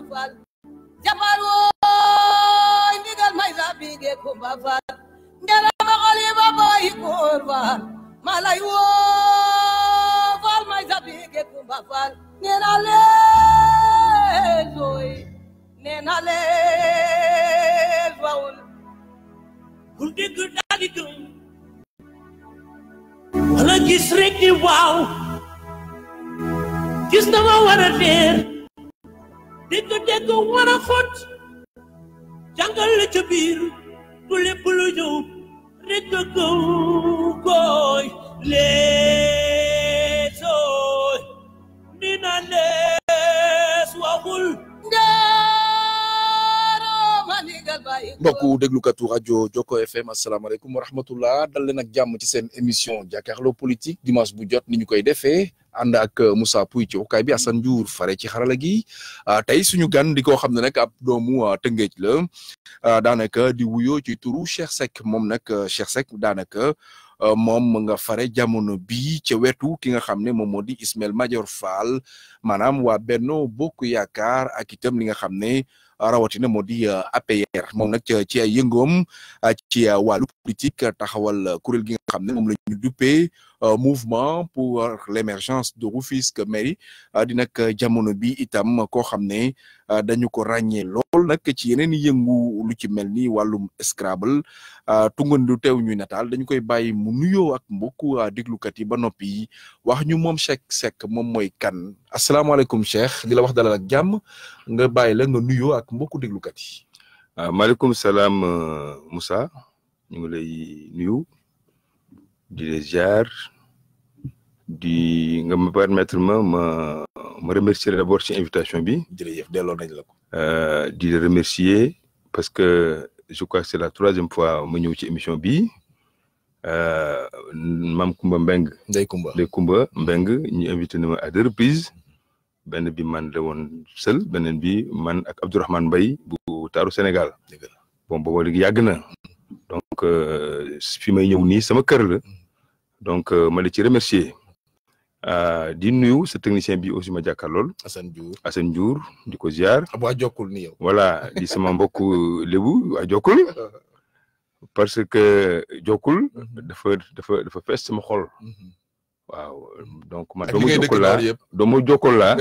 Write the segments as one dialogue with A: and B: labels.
A: kumba wooy ndigal may saabige kumba faal nderama xoli ba booy góor faal malay woo faal may saabige kumba faal nena lees wooy nena lees wawul ku dégg di wala gis rek
B: ni waaw gis na ma war a dégg-dégg war a xóot jàngal la ca biir du lépp lu ñëw gooy leesooy ni na lees waxul mbokku déglukatu rajo Joko FM asalaamaaleykum wa rahmatullah dal leen ak jàmm ci seen émission jàkkaarloo politique dimanche bu jot ni ñu koy defee ànd ak euh, Moussa Pouy ci waxukaay bi mm-hmm. Assane Diour fare ci xarala gi ah, tey suñu gan di koo xam ne nag ab doomu ah, Tëngéej la ah, daanaka di wuyoo ci turu Cheikh Seck moom nag euh, Cheikh Seck daanaka euh, moom nga fare jamono bi ca wetu ki nga xam ne moom moo di Ismaël Madior fal maanaam waa Benno Bokk Yaakaar ak itam li nga xam ne rawatina na di APR mom nak ci ay yëngoom ah, ci walu politique ah, taxawal ah, kurel gi nga xamne mom lañu mouvement pour l'émergence de Rufisque mairie di nak jamono bi itam ko xam Euh, dañu ko ràññee lool nag ci yeneen i yëngu lu ci mel ni wàllum Scrabble euh, tungandu teew ñuy nataal dañu koy bàyyi mu nuyoo ak mbokku euh, déglukat yi ba noppi wax ñu moom Cheikh Seck moom mooy kan asalaamaaleykum Cheikh di la wax dalal ak jàmm nga bàyyi la nga nuyoo ak mbokku déglukat yi. Ah, maaleykum salaam Moussa ñu ngi lay nuyu di la di nga me permettre ma ma ma remercier d'abord ci invitation bi. jërëjëf delloo nañ la ko. Euh, di remercier parce que je crois que c'est la troisième fois ma ñëw ci émission bi euh mam Kumba Mbeng Ndey Kumba Ndey Kumba Mbeng ñu invité na ma à deux reprises ben bi man la won seul benen bi man ak Abdourahmane Mbaye bu taru Sénégal. bon bo léegi yàgg na. donc euh, fi may ñëw ni sama kër la. Mm. donc euh, ma la ci remercier. Euh, di nuyu sa technicien bi aussi ma jàkkaarlool. Assane Diour Assane Diour di ko ziar. Ah, bu a ni yow. voilà di sama mbokku lébu a jokkul parce que jokkul mhm. dafa dafa dafa fees sama xol. Mhm. waaw donc man doomu jokkul laa doomu jokkul la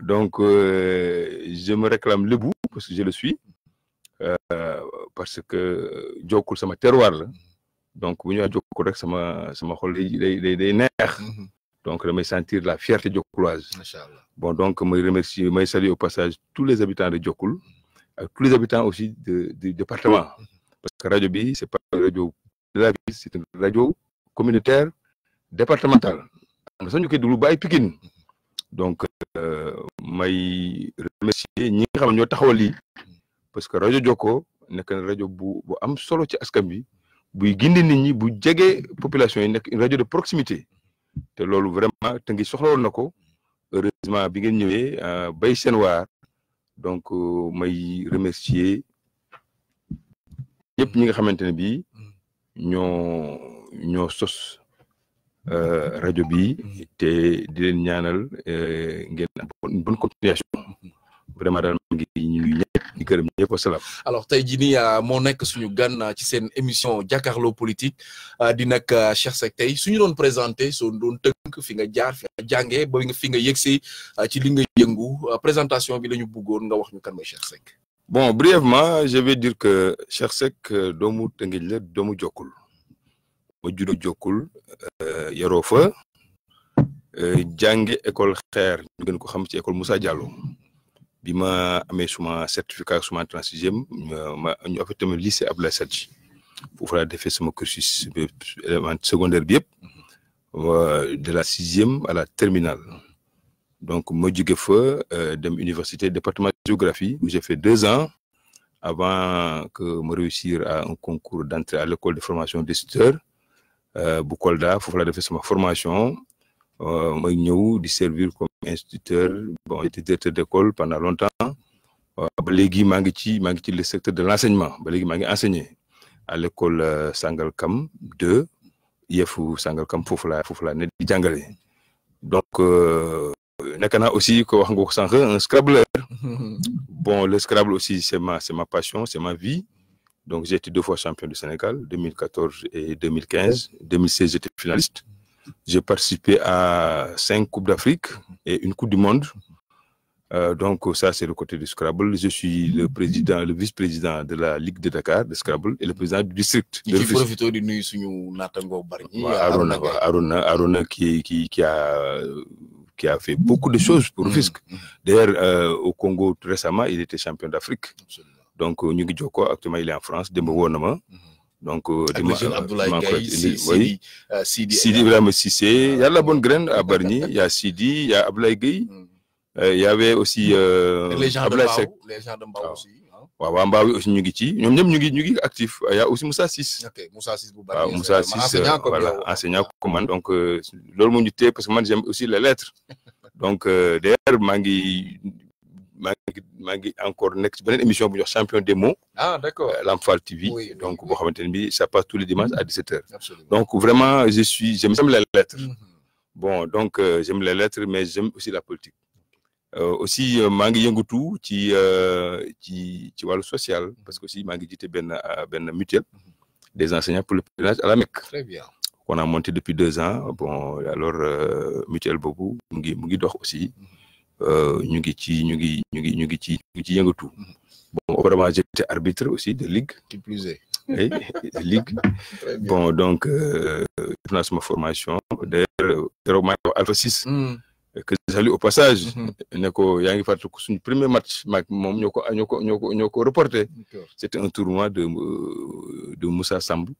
B: donc euh, je me réclame lébu parce que je le suis euh, parce que jokkul sama terroir la mhm. donc bu ñu jokkul rek sama sama xol day day day neex donc vais sentir la fierté jokuloise bon donc remercie remercie, je salue au passage tous les habitants de Djokoul euh, tous les habitants aussi de du département mm. parce que radio bi c'est pas une radio de la ville c'est une radio communautaire départementale nga sax ñu Pikine donc les euh, remercier ñi nga xam ne ñoo parce que radio Djoko, nekk radio, rajo bu bu am solo ci askan bi buy gindi nit ñi bu population une radio de proximité te loolu vraiment te ngi soxloon na ko heureusement bi ngeen ñëwee euh, bay seen waar donc euh, may remercier ñëpp ñi nga xamante ne bii ñoo ñoo sos euh, rajo bi te di leen ñaanal ngeen bonne continuation vraiment daal ma ngi ñuy alors tey jii nii euh, moo nekk suñu gan euh, ci sen émission jàkkaarloo politique euh, di nak Cheikh sek tay suñu doon présenter son doon tënk fi nga jaar fi jangé bo ba fi nga yegsi ci li nga yëngu présentation bi lañu ñu bëggoon nga wax ñu kan moy Cheikh sek bon brièvement je vais dire que Cheikh Seck doomu Tëngéej la doomu Jokkul ma juddoo Jokkul yaroo fa jangé école xair ñu gën ko xam ci école Moussa Diallo bima ma suma certificat suma en e sixième ma ñu affecté lycée à Sadji pour faire défé sama cursus élément secondaire bi de la 6e à la terminale donc ma suis fa euh, dem université département de géographie où j'ai fait deux ans avant que réussir à un concours d'entrée à l'école de formation des tuteurs euh, bu Kolda foofu laa sama formation euh, may ñëw di servir comme instituteur bon j'étais directeur d'école pendant longtemps euh, ba léegi le secteur de l'enseignement ba enseigné à l'école euh, Sangalkam 2 IEFU Sangalkam foofu Foufla, foofu Donc, il y donc aussi un scrabbleur bon le scrabble aussi c'est ma ma passion c'est ma vie donc j'ai été deux fois champion du Sénégal 2014 et 2015 2016 j'étais finaliste j'ai participé à cinq Coupes d'Afrique et une Coupe du Monde. Euh, donc ça, c'est le côté du Scrabble. Je suis le président, le vice-président de la Ligue de Dakar de Scrabble et le président du district. De Arona, Arona, Arona qui, qui, qui, a, qui a fait beaucoup de choses pour mm-hmm. FISC. D'ailleurs, euh, au Congo, récemment, il était champion d'Afrique. Donc, euh, Nyugi actuellement, il est en France, de Wonama. Mm-hmm donc euh, dima maa euh, Abdoulaye koy indi euh, Sidi Sidi Ibrahima Cissé y a la bonne graine à il y a Sidi il y a Ablaye Gueye mm. y avait aussi Ablaye Seck les gens de Mbao ah. aussi waaw hein. waa Mbao aussi ñu ngi ci ñoom ñëpp ñu ngi ñu ngi actif y a aussi Moussa Ok, Moussa Ciss bu baax ah, waaw Moussa Ciss voilà enseignant comme man donc loolu moo ñu téye parce que man j'aime aussi les lettres donc d'ailleurs maa ngi Mangi encore une émission bu champion des mots. ah d'accord. Euh, L'Amphal TV. Oui. TV. donc ça passe tous les dimanches à 17h. donc vraiment je suis j'aime les lettres. Mm-hmm. bon donc euh, j'aime les lettres mais j'aime aussi la politique. Euh, aussi Mangi Yengoutou qui ci ci ci social mm-hmm. parce que aussi Mangi était ben ben mutuel. Mm-hmm. des enseignants pour le pèlerinage à la Mecque. Très bien. On a monté depuis deux ans. Bon, alors, Mutuel Bobou, Mugidor aussi. Euh, ñu ngi arbitre aussi de ligue. qui plus est. ligue. bon donc euh, je formation de que salut au passage. Mhm. ne a ngi premier match que nous avons reporté. c'était un tournoi de euh, de Moussa Sambu,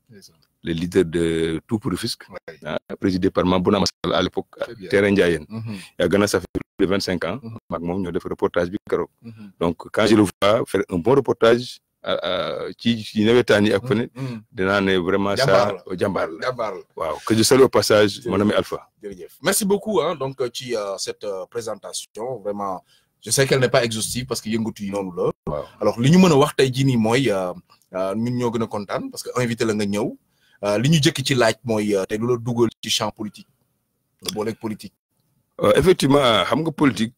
B: le leader de tout pour hein, présidé par Mabouna Massal à l'époque. terrain il Il à a ça fait 25 de ans. maag mhm. moom ñoo reportage mhm. donc quand je le vois faire un bon reportage ci ci nawetaan ak fane mm, mm. dina né vraiment ça jàmbaar la waaw que je salue au passage mon ami Alpha merci beaucoup hein donc euh, ci euh, cette euh, présentation vraiment je sais qu'elle n'est pas exhaustive parce que yëngatu yi noonu la alors li ñu mën wax tay jii nii mooy ñun ñoo gëna a parce que invité la nga ñëw li ñu jëk ci laaj moy tay lu la ci champ politique boole politique effectivement xam nga politique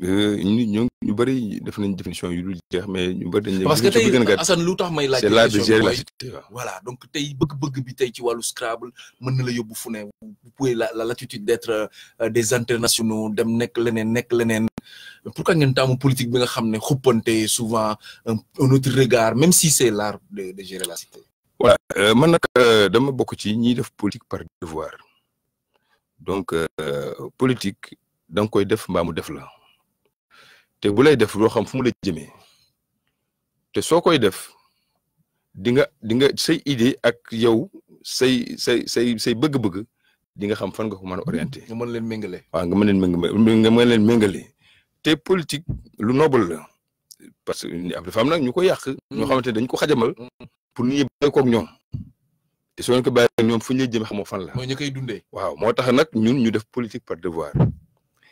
B: euh, ñu ñu ñu bëri def nañ yu jeex mais ñu bëri dañ parce que tey Assane lu la voilà donc tu bëgg-bëgg bi tay ci walu Scrabble mën na la yobbu fune vous pouvez la la latitude d'être euh, des internationaux dem nekk leneen nekk leneen pourquoi ngeen taamu politique bi nga xamné xuppante souvent un autre regard même si c'est l'art de de gérer la cité voilà euh, man nag dama bokk ci ñi def politique par devoir donc politique dang koy def mbaa def la te bu lay def doo xam fu mu la jëmee te soo koy def di nga di nga say idée ak yow say say say say bëgg-bëgg di nga xam fan nga ko mën a nga mën leen méngale. waaw nga mën leen méngale nga mën leen méngale te politique lu noble la parce que dafa am nag ñu ko yàq. ñoo xamante ne dañ ko xajamal. pour nit ñi bàyyi ñoom. te soo leen ñoom fu ñu lay jëmee xamoo fan la. mooy ñu koy dundee. waaw moo tax nag ñun ñu def politique par devoir.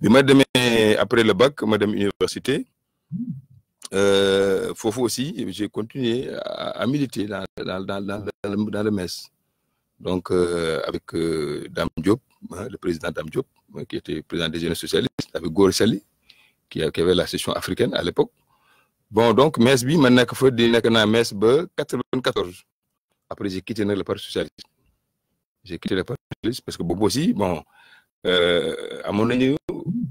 B: Mais après le bac madame université euh, Fofo aussi j'ai continué à, militer dans, dans, dans, dans, le, MES. Donc, euh, avec euh, Dame Diop, hein, le président Dame Diop, hein, qui était président des jeunes socialistes, avec Gorisali Sali, qui, avait la session africaine à l'époque. Bon, donc, MES, maintenant que je suis à MES, 94. Après, j'ai quitté le Parti socialiste. J'ai quitté le Parti socialiste parce que Bobo aussi, bon, à mon avis,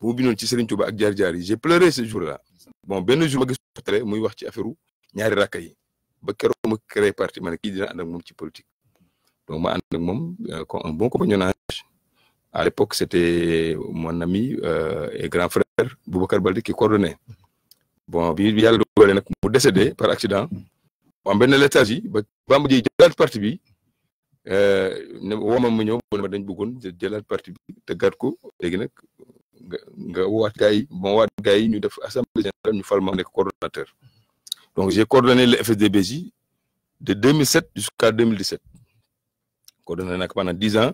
B: bobu non ci Serigne Touba ak jar jar yi j'ai pleuré ce jour-là bon ben jour ma gis portrait muy wax ci affaireu ñaari rakka yi ba kéro ma créé parti man ki dina and ak mom ci politique donc ma and ak moom euh, un bon compagnonnage à l'époque c'était mon ami euh, et grand frère Boubacar Baldi qui coordonnait bon bi yalla dogalee nak mu décédé par accident mu ben benn létage yi ba bamba ji jëlaat parti bi euh, ne woomam ma ñëw mu ne ma dañ bëggoon jëlaat parti bi te tëggaat ko légui nak nga woowaat gars yi ma woowaat gars ñu def assemblée ñu fal ma nekk coordonnateur donc j'ai coordonné le FSDBJ de 2007 jusqu'à 2017 coordonné nag pendant dix ans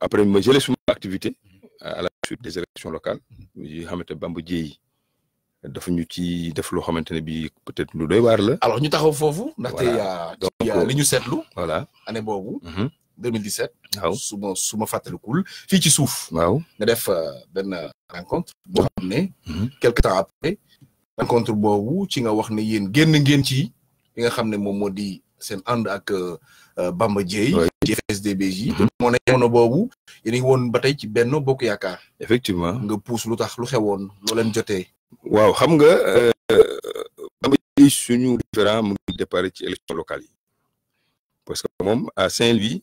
B: après ma jëlee suma activités à la suite des élections locales yi nga xamante Bamba Dièye dafa ñu ci def loo xamante ne peut-être lu doy waar la. alors ñu taxaw foofu. ndaxte yaa li ñu seetlu. voilà année boobu. Mhm. 2017. sous mon, ma cool, ma fàttalikul fii ci suuf. waaw nga def euh, rencontre. bo xam mhm. quelque temps après. rencontre wu, ci nga wax ne yeen genn ngeen ci. li nga xam ne modi moo di ak euh, euh, Bamba ci fsd mhm. ne a ngi ci Benno Bokk yakar effectivement nga pousse lutax lu xewoon lo len jotté waaw xam nga. Bamba suñu référent mu ci élection locale parce que mom à Saint-Louis.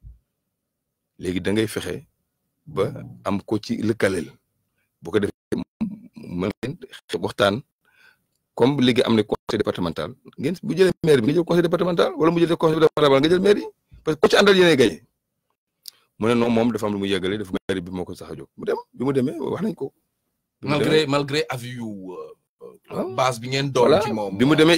B: da ngay ba am ko ci bu ko comme conseil départemental bu maire bi conseil départemental conseil départemental jël maire parce que ko ci dafa am lu dafa bi malgré malgré avis euh, euh, ah. base bi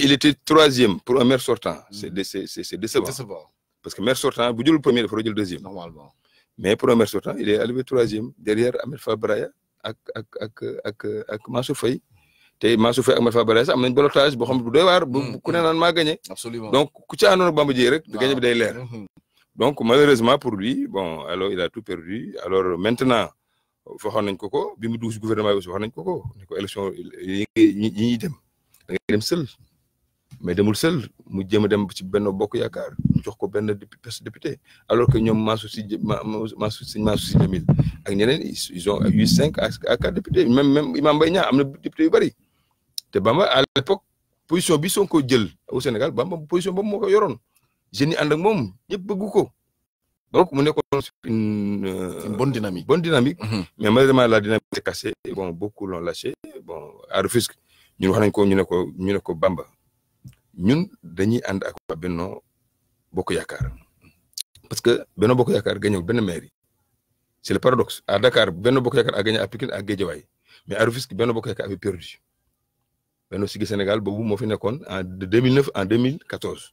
B: il était troisième pour un maire sortant. c'est hmm. décevant parce que maire sortant bu le premier dafa le deuxième. normalement mais premier sortant il est arrivé troisième derrière Ahmed Fabraya ak ak ak ak et Fabraya ça gagné. donc a gagné donc malheureusement pour lui bon alors il a tout perdu alors maintenant il nañ ko bi mu gouvernement nañ il y ko élection dem mais demul seul mu jéem dem ci benn bokk yaakaar ñu jox ko benn député alors que ñoom Mansour Sy Mansour Sy Mansour Sy Djamil ak ñeneen ils ont eu cinq à quatre députés même même Imam Mbaye Niang am na député yu bari te Bamba à l'époque position bi ko jël au Sénégal Bamba position boobu moo ko yoroon jeunes ni ànd ak moom ñëpp bëggu ko donc mu nekkoon euh, une bonne dynamique bonne dynamique mhm. mais malheureusement la dynamique s'est cassée bon beaucoup l'ont lâché bon à Rufisque ñun wax nañ ko ñu ne ko ñu ne ko Bamba ñun dañuy ànd ak waa Benno Bokk Yaakaar parce que Benno Bokk Yaakaar gañewul benn mairie c'est le paradox à Dakar Benno Bokk Yaakaar a gagné à Pikine ak Guédiawaye mais à Rufisque Benno Bokk Yaakaar avait perdu Benno Siggil Sénégal boobu moo fi nekkoon en de 2009 en 2014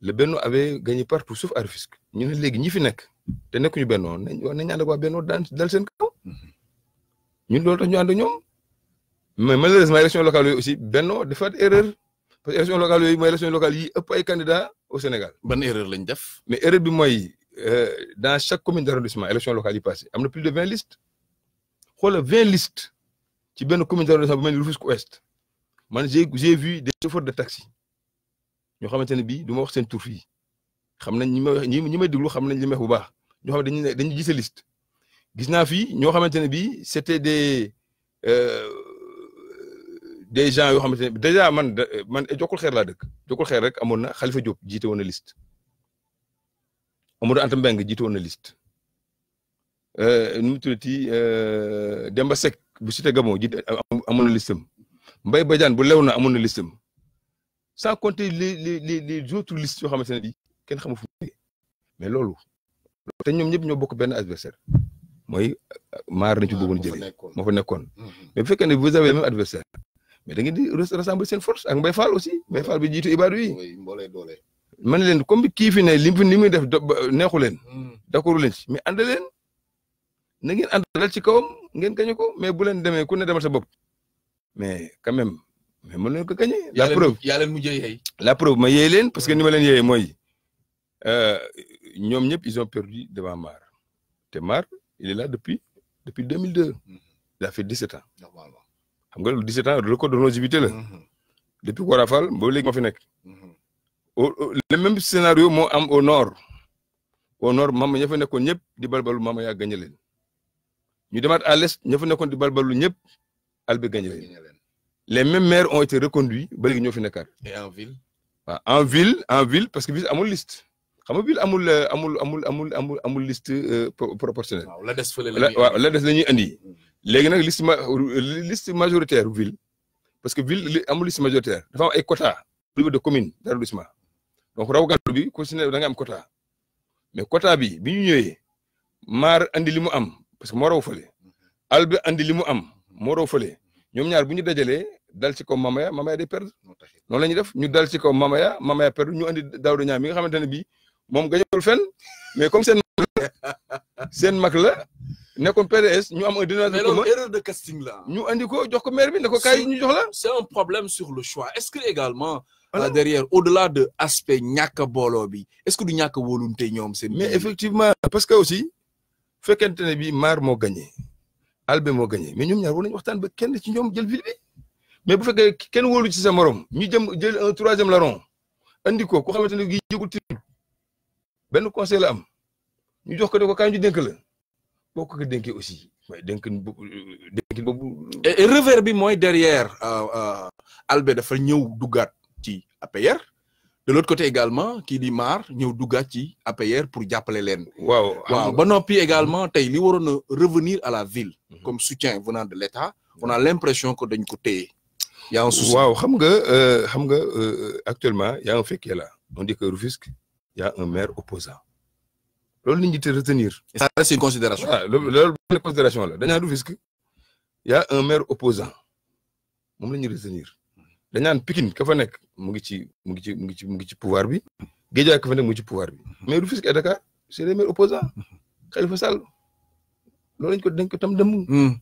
B: le Benno avait gagné partout sauf à Rufisque ñu ne léegi ñi fi nekk te nekkuñu Benno nañu nañu ànd ak waa Benno daan dal seen kaw ñun loolu tax ñu ànd ñoom mais malheureusement élection locale yooyu aussi Benno dafa erreur. parce que élection locale yooyu mooy élection locale yi ëpp ay candidats au Sénégal. ban erreur lañ def. mais erreur bi mooy euh, dans chaque commune d' élection locale yi passé am plus de 20 listes xoolal 20 listes ci benn commune d' bu melni Rufisque Ouest man j'ai j'ai vu des chauffeurs de taxi ñoo xamante bi duma wax sen tour fi xam nañ ñi ma ñi may diglu xam nañ li bu baax ñoo xam dañu dañu gis liste gis naa fi ño xamante bi c'était des euh des gens yo xamante déjà man man jokul xeer la dëkk jokul xeer rek amoon na Khalifa Diop jité wona liste Amadou Anta Mbengue jité wona liste euh nu tuti euh Demba sek bu Cité gamo jité amoon na listam Mbaye Badiane bu lewna na amoon na listam sans compter les les les autres listes yo xamante ne bi kenn xamul fu mais lolu te ñom ñep ñoo bokk ben adversaire moy mar na ci bëggoon jëlé mo fa nekkon mais fekkene vous avez même adversaire mais da ngeen di rassembler seen force ak Mbaye Fall aussi Mbaye Fall bi jiitu Ibadu yi. mboolee doole. man leen comme kii fi li li muy def neexu leen. Hmm. d'accord leen ci mais ànd leen na ngeen ànd dal ci kawam ngeen gañe ko mais bu leen demee ku ne demal sa bopp mais quand même mais mën leen ko gañe. la preuve yaa leen la preuve ma yeey leen parce que hmm. ni ma leen yeeyee mooy euh, ñoom ñëpp ils ont perdu devant Mar te Mar il est là depuis deux 2002. il a fait 17 ans. xam nga 17 ans record de longévité la. Mhm. depuis quoi Fall ba léegi moo fi nekk. Mhm. le même scénario moo am au nord. au nord mama ña fa nekkoon ñëpp di balbalu mama yaa gagné leen ñu demaat à l'est ña fa nekkoon di balbalu ñëpp albi gagné leen les mêmes maires ont été reconduits ba léegi ñoo fi nekkaat. et en ville. waaw en ville en ville parce que ville amul liste xam nga ville amul euh, amul amul amul amul liste euh, proportionnelle. waaw la des fële la waaw la des la ñuy les gens liste majoritaire ville parce que ville a liste majoritaire y a au niveau de commune d'arrondissement donc bi quota. Mais da nga quota mais quota bi bi parce que andi am ñaar bu ñu dal ci mamaya mamaya perdre def ñu dal ci mamaya mamaya perdre ñu andi mi nga quota. mais comme quota, c'est un nekkoon PDS ñu am un dynamisme commun mais erreur de casting là ñu andi ko jox ko maire bi ne ko kaay ñu jox la. c'est un problème sur le choix est-ce que également. Euh, derrière au-delà de aspect ñàkk a bi est-ce que du ñàkk a wóolunte ñoom mais effectivement parce que aussi fekkente bi Mar mo gagné Albé mo gagné mais ñom ñaar war waxtan ba kenn ci ñom jël ville bi mais bu fekkee kenn wolu ci sa morom ñu jëm jël un troisième larron andi ko ku gi ne tim yëgul benn conseil la am ñu jox ko ne ko kaay ju denk la beaucoup ko ko aussi mooy dénkin et revers bi derrière euh, euh, Albert dafa ñëw qui ci payé de l'autre côté également qui dit « Mar ñëw qui ci payé pour jàppale leen. waaw ba également tey li waroon revenir à la ville. Mhm. comme soutien venant de l'État. Mhm. on a l'impression que d'un côté, il y a un souci waaw xam nga euh, y a un fait qui est là on dit que il y a un maire opposant loolu nit ñi te retenir. ça reste une considération. waaw ah, loolu benn considération la dañaa du Rufisque y a un maire opposant moom la ñuy retenir dañaan Pikine ka fa nekk mu ngi ci mu ngi ci mu ngi ci mu ngi ci pouvoir bi Guédiawaye ka fa nekk mu ngi ci pouvoir bi mmh. mais Rufisque et Dakar c'est les maires opposants mmh. Khalifa Sall loolu lañ ko dañ ko tam dem. Mmh.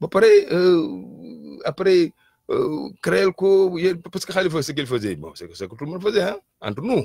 B: ba pare euh, après euh, créel ko parce que Khalifa ce qu'il faisait bon c'est que c'est que tout le entre nous.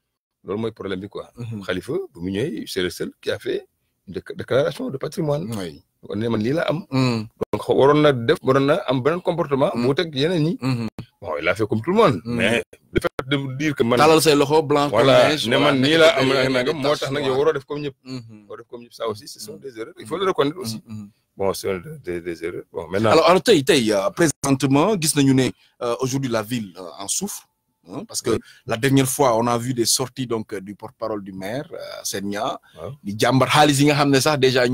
B: loolu mooy problème bi quoi. Mhm. xalifa bu mu ñëwee c'est le seul qui a fait une déclaration de patrimoine oui ne man lii la am. Mhm. donc waroon na def waroon na am beneen comportement. mu mhm. teg yeneen ñi. bon il a fait comme tout le monde. mais le fait de dire que man. talal say loxo blanc voilà ne man nii la am nag nagam moo tax nag yow waroo def comme ñëpp. waroo def comme ñëpp ça aussi ce sont des erreurs il faut le reconnaître aussi. bon ce sont des des erreurs bon maintenant. alors alors tey tey euh, présentement gis nañu ne euh, aujourd'hui la ville euh, en souffre. Hein, parce que la dernière fois, on a vu des sorties donc, euh, du porte-parole du maire, euh, Senya, du ouais. déjà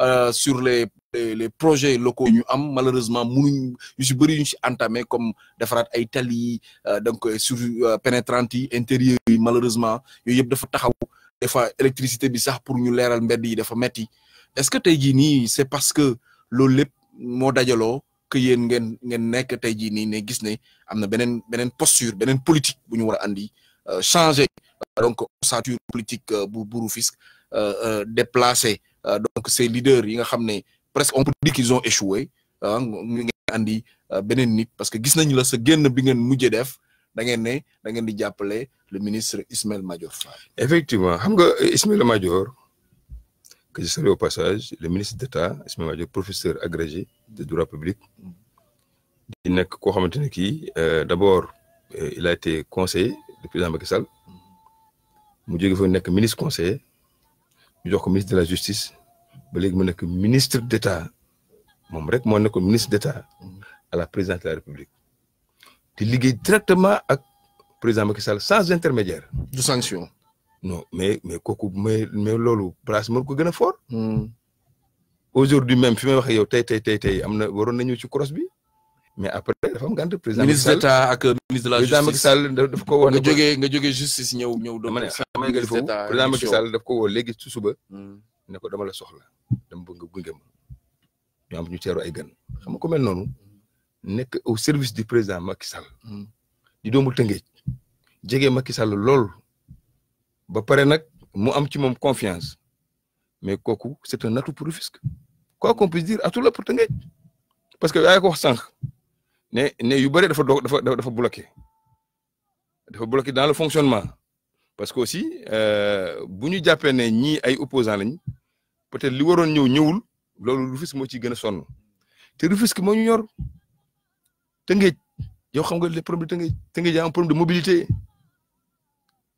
B: euh, sur les, les, projets locaux, nous avons malheureusement entamé comme Defrat Italie, euh, donc euh, sur euh, Pénétranti, intérieur, malheureusement, des fois électricité bizarre pour nous l'air, des fois Est-ce que tu es c'est parce que le lep, moo que yéen ngeen ngeen nekk tey jii nii ne gis ne am na beneen beneen posture beneen politique bu ñu war a andi euh, changé donc ossature politique euh, bu bu Rufisque euh, déplacé donc se leaders yi nga xam ne presque on peut dire qu'ils ont échoué beneen nit parce que gis nañu la sa génn bi ngeen mujjee def da ngeen ne da di jàppale le ministre Ismaël Madior Fall. effectivement xam nga Ismaël Madior. je salue au passage, le ministre d'État, Ismaël monsieur professeur agrégé de droit public. di nekk euh, d'abord euh, il a été conseiller du président Macky Sall mu jóge fa ministre conseiller ko ministre de la justice ba ministre d'État Je rek le ministre d'État à la présidence de la République est lié directement ak président Macky sans intermédiaire. de sanctions non mais mais kooku mais mais loolu place mën ko gën a fort. Hmm. aujourd'hui même fi may waxee yow tey tey tey tey am na waroon nañu ci cross bi. mais après dafa am gànt président ministre d'état ak euh, ministre de la justice président Macky Sall daf ko woo. nga jógee nga jógee justice ñëw ñëw. doon ma ne xam nga foofu président daf ko woo léegi ci suba. Hmm. ne ko damala la soxla dama bëgg nga gunge ma ñu am ñu teeru ay gan xam nga ku me noonu nekk au service du président Macky Sall. Hmm. di doomu jege Macky Sall lool. ba paré nak mu am ci mom confiance mais kooku c'est un atout pour fisc quoi qu'on puisse dire atout la pour Tëngéej parce que ay ko wax sank ne ne yu bëri dafa dafa dafa bloqué dafa bloqué dans le fonctionnement parce que aussi euh buñu jappé né ñi ay opposants lañ peut-être li waroon ñëw ñewul lolu le fisc ciy gën a sonn le Rufisque mo ñu ñor Tëngéej yow xam nga les problèmes de Tëngéej y a un problème de mobilité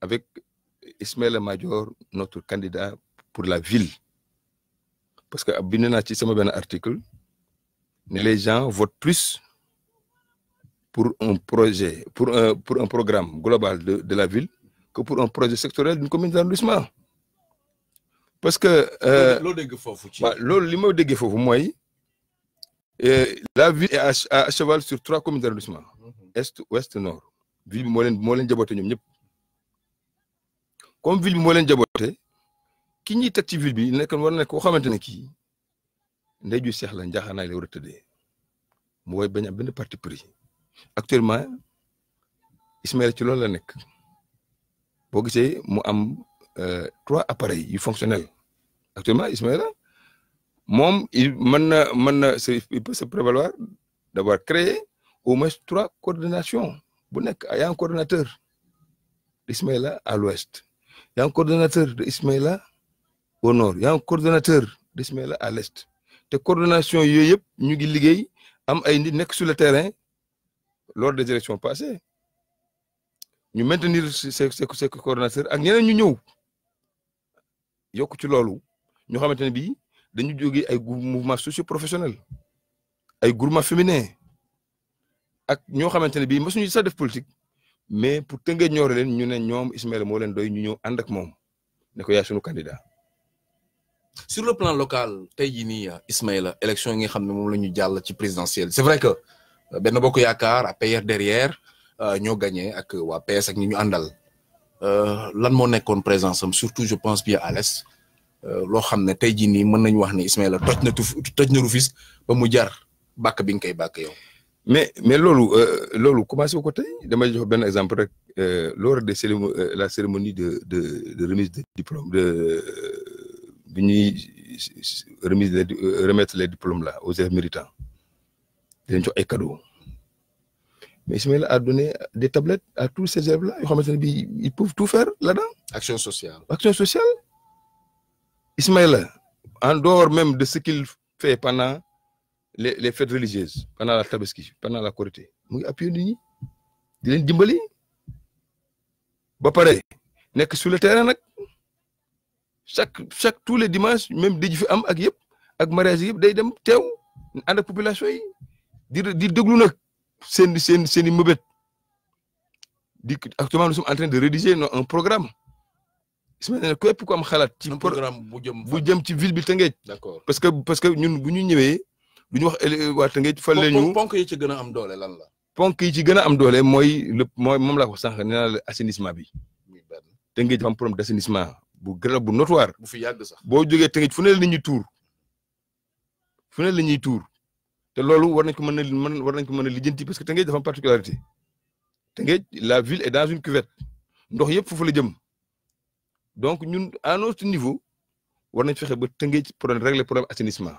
B: avec Ismaël Major, notre candidat pour la ville. Parce que un article, les gens votent plus pour un projet, pour un, programme global de, la ville que pour un projet sectoriel d'une commune d'arrondissement. Parce que... voyez, euh, bah, euh, la ville est à, cheval sur trois communes d'arrondissement. Mm-hmm. Est, ouest, nord. Ville, comme ville mo len leen ki ñi tek ci ville bi nekk war na ko koo ki ne kii ndey ju seex la njaaxaanaay la war a tëddee mu woy bañ ben parti pris actuellement Ismaël ci loolu la nek bo gisé mu am euh, trois appareils yu fonctionnels actuellement Ismaël mom il mën na mën na il peut se prévaloir d'avoir créé au moins trois coordinations bu nekk ay un coordonnateur Ismaël à l'ouest il y a un coordonnateur de Ismaïla au nord, il y a un coordonnateur d'ismaïla à l'est. Les coordonnations yoyep n'y ñu am sur le terrain lors des élections passées nous maintenir ces coordonnateurs ak ñeneen ñu ñëw ci ñu De dañu mouvement socio professionnel ay féminin ak sommes politics. ne politique mais pour Tëngéej ñoore leen ñu ne ñoom Ismaël moo leen doy ñu ñëw ànd ak moom ne ko yaay sunu candidat. sur le plan local tey jii nii Ismaïla élection yi nga xam ne moom la ñu jàll ci présidentielle c'est vrai que euh, benn bokk à APR derrière euh, ñoo gagné ak waa PS ak ñi andal àndal euh, lan moo nekkoon présence surtout je pense bien à l'est loo xam ne tey jii nii wax ni Ismaïla toj na toj na Rufisque ba mu jar bàkk bi nga koy bàkk yow mais mais euh, comment c'est au wu Je vais vous donner un exemple euh, lors de euh, la cérémonie de de remise de diplômes de remettre les diplômes là aux élèves méritants dañ un un cadeaux mais Ismaël a donné des tablettes à tous ces élèves là ils peuvent tout faire là-dedans. action sociale action sociale Ismaël en dehors même de ce qu'il fait pendant les fêtes religieuses pendant la tabaski pendant la Corée nous appuyons les gens là. di leen sur le terrain chaque chaque tous les dimanches même am ak là. population ils di là c'est là. actuellement nous sommes en train de rédiger un programme là. ne là. am un programme bu là. ville parce que parce que nous lu ñu wax waa Tëngéej fal lañu ponk yi ci gëna am doole lan la. ponk yi ci gëna am doole moy le mooy moom laa ko sax nee naa la assainissement bi. Tëngéej dafa am problème d'assainissement bu grave bu notoire. bu fi yag sax boo jógee Tëngéej fu ne la ñuy tuur fu ne la ñuy tuur te loolu war nañ ko mëna a mën war nañ ko mëna a lijjanti parce que Tëngéej dafa am particularité Tëngéej la ville est dans une cuvette ndox yëpp foofu la jëm donc ñun à notre niveau war nañ fexé ba Tëngéej problème régler problème assainissement.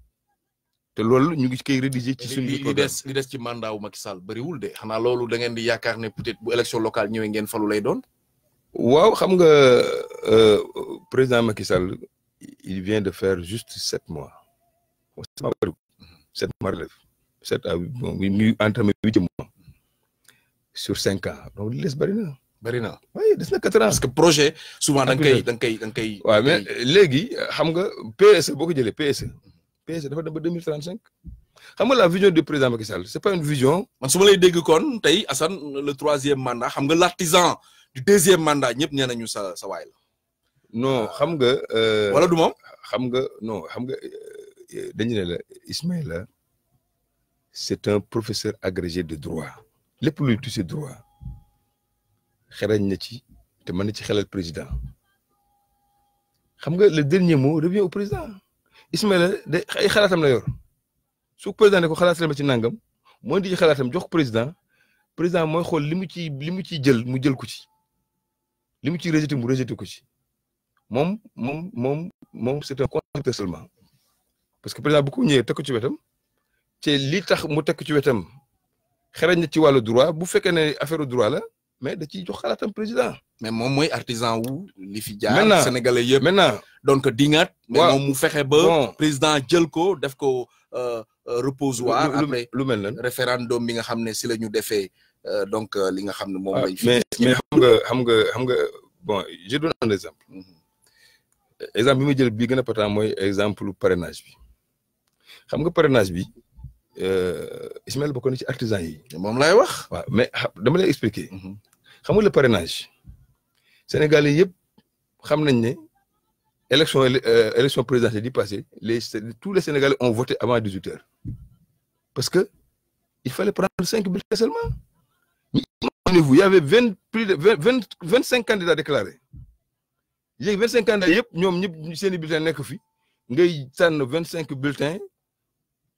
B: te loolu ñu ngi koy rédiger ci suñu. li des ci manda wu Macky Sall bëriwul de xanaa loolu da ngeen di yaakaar ne peut-être bu élection locale ñëwee ngeen falu lay doon. waaw xam nga euh, président Macky Sall il vient de faire juste sept mois. sept mois mhm. relève sept à huit bon muy entamé huit mois sur cinq ans donc li des bëri na. bëri na des na quatre ans. que projet souvent da nga koy da nga koy da mais léegi xam nga PSE boo ko jëlee PSE. PSG dafa dem ba deux xam nga la vision du président Macky Sall c'est pas une vision. man su lay dégg kon tay Assane le troisième mandat xam nga l'artisan du deuxième mandat ñep nee nañu sa sa way la. non xam nga. Euh, wala du mom xam nga non xam nga euh, dañu la Ismaïla c'est un professeur agrégé de droit lépp luy tuuti droit xerañ na ci te man ci xelal président xam nga le dernier mot revient au président. Ismaïla de ay xalaatam la yor su président ne ko xalaat ma ci nangam moo indi ci xalaatam jox président président mooy xool li mu ci li mu ciy jël mu jël ko ci li mu ciy rejeté mu rejeté ko ci moom moom moom moom c'est un contracteur seulement parce que président bu ko ñëwee teg ci wetam ce li tax mu teg ci wetam xarañ na ci wàllu droit bu fekkee ne affaire droit mais da ci jox xalatam président. mais mom moy artisan wu. li fi jaar sénégalais yëpp maintenant donc dingat mais moom mu fexe ba. président jël ko def ko euh, euh reposoir. après lu mel nan référendum bi nga xamné ne si la ñu defee euh, donc euh, li nga xamné mom moom fi ah, mais mais xam nga xam nga xam nga bon je donne un exemple. Mhm. exemple bi ma jël bii gën a patant mooy exemple parrainage bi xam nga parrainage bi. euh Ismaël bokk ci artisan yi. mom lay wax. mais dama lay expliquer. Mhm xam le parrainage sénégalais yépp xam élection euh, élection présidentielle passée. passé les tous les sénégalais ont voté avant 18 heures parce que il fallait prendre 5 bulletins seulement vous il y avait 20 plus de 20, 25 candidats déclarés il y a 25 candidats yépp ñom ñep bulletins bulletin nek fi ngay tan 25 bulletins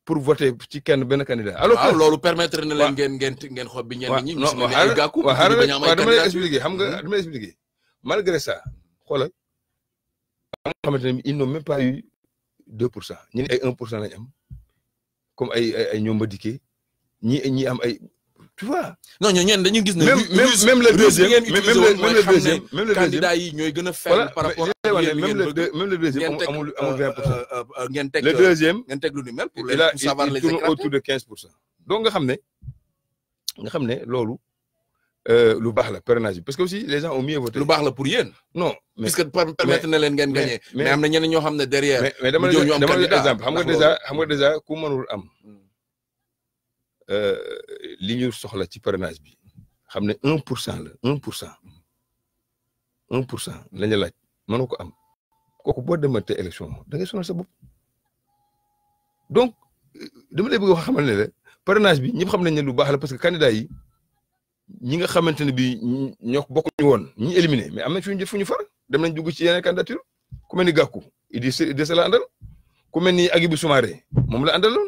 B: pour voter ci kenn benn candidat. alors que loolu permettre na leen ngeen ngeen ngeen xob bi ñenn ñi. non waaw dama lay expliquer xam nga hmm? dama lay expliquer malgré ça xoolal. nga xamante ne ils n'ont même pas eu deux pour cent ñi ay un pour cent lañ am comme ay ay ñoom ba dikkee ñi ñi am ay. tu vois non ñoo ñeen dañu gis ne même même le deuxième même le deuxième même le deuxième candidat yi ñoy gëna a par rapport même le deuxième amul amul 20 euh, pour cent euh, euh, ngeen teg le deuxième ngeen teg lu ni mel pour savoir les écarts autour de 15 donc nga xamné nga xamné lolu euh lu bax la parrainage parce que aussi les gens ont mieux voté lu bax la pour yéen non parce que permettre na len ngeen gagner mais amna na ñoo xamné derrière mais dama dama exemple xam nga déjà xam nga déjà ku mënul am hmm. Euh, li ñu soxla ci parenage bi xam ne un pour cent la un pour cent un pour cent la ñu laaj mënu ko am kooku boo demante élection da ngay sonal sa bopp donc euh, dama lay bëgg wax xamal ne la parrainage bi ñëpp xam nañ ne lu baax la parce que candidat ñi nga xamante ne bi ñoo bokkuñu woon ñi éliminé mais am na fi ñu fu ñu far dem nañ dugg ci yeneen candidature ku mel ni Gakou Idrissa Idrissa la ku mel ni Agibou Soumaré moom la àndaloon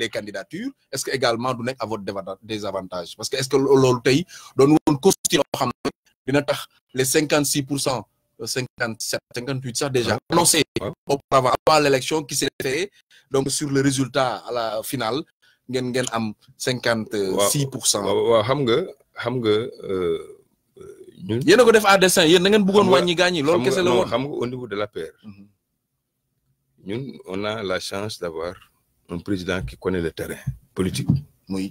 B: les candidatures est-ce que également du à votre désavantage parce que est-ce que l'autre pays, donne woon constitution les 56%, 57, 58% déjà annoncé auparavant avant l'élection qui s'est faite donc sur le résultat à la finale ngeen ngeen am cinquante six pour cent xam nga xam nga euh, ñun yéen a ko def à dessin yéen da ngeen bëggoon wàññi loolu kese la woon xam nga au niveau de la paix, mhm. ñun on a la chance d'avoir un président qui connaît le terrain politique muy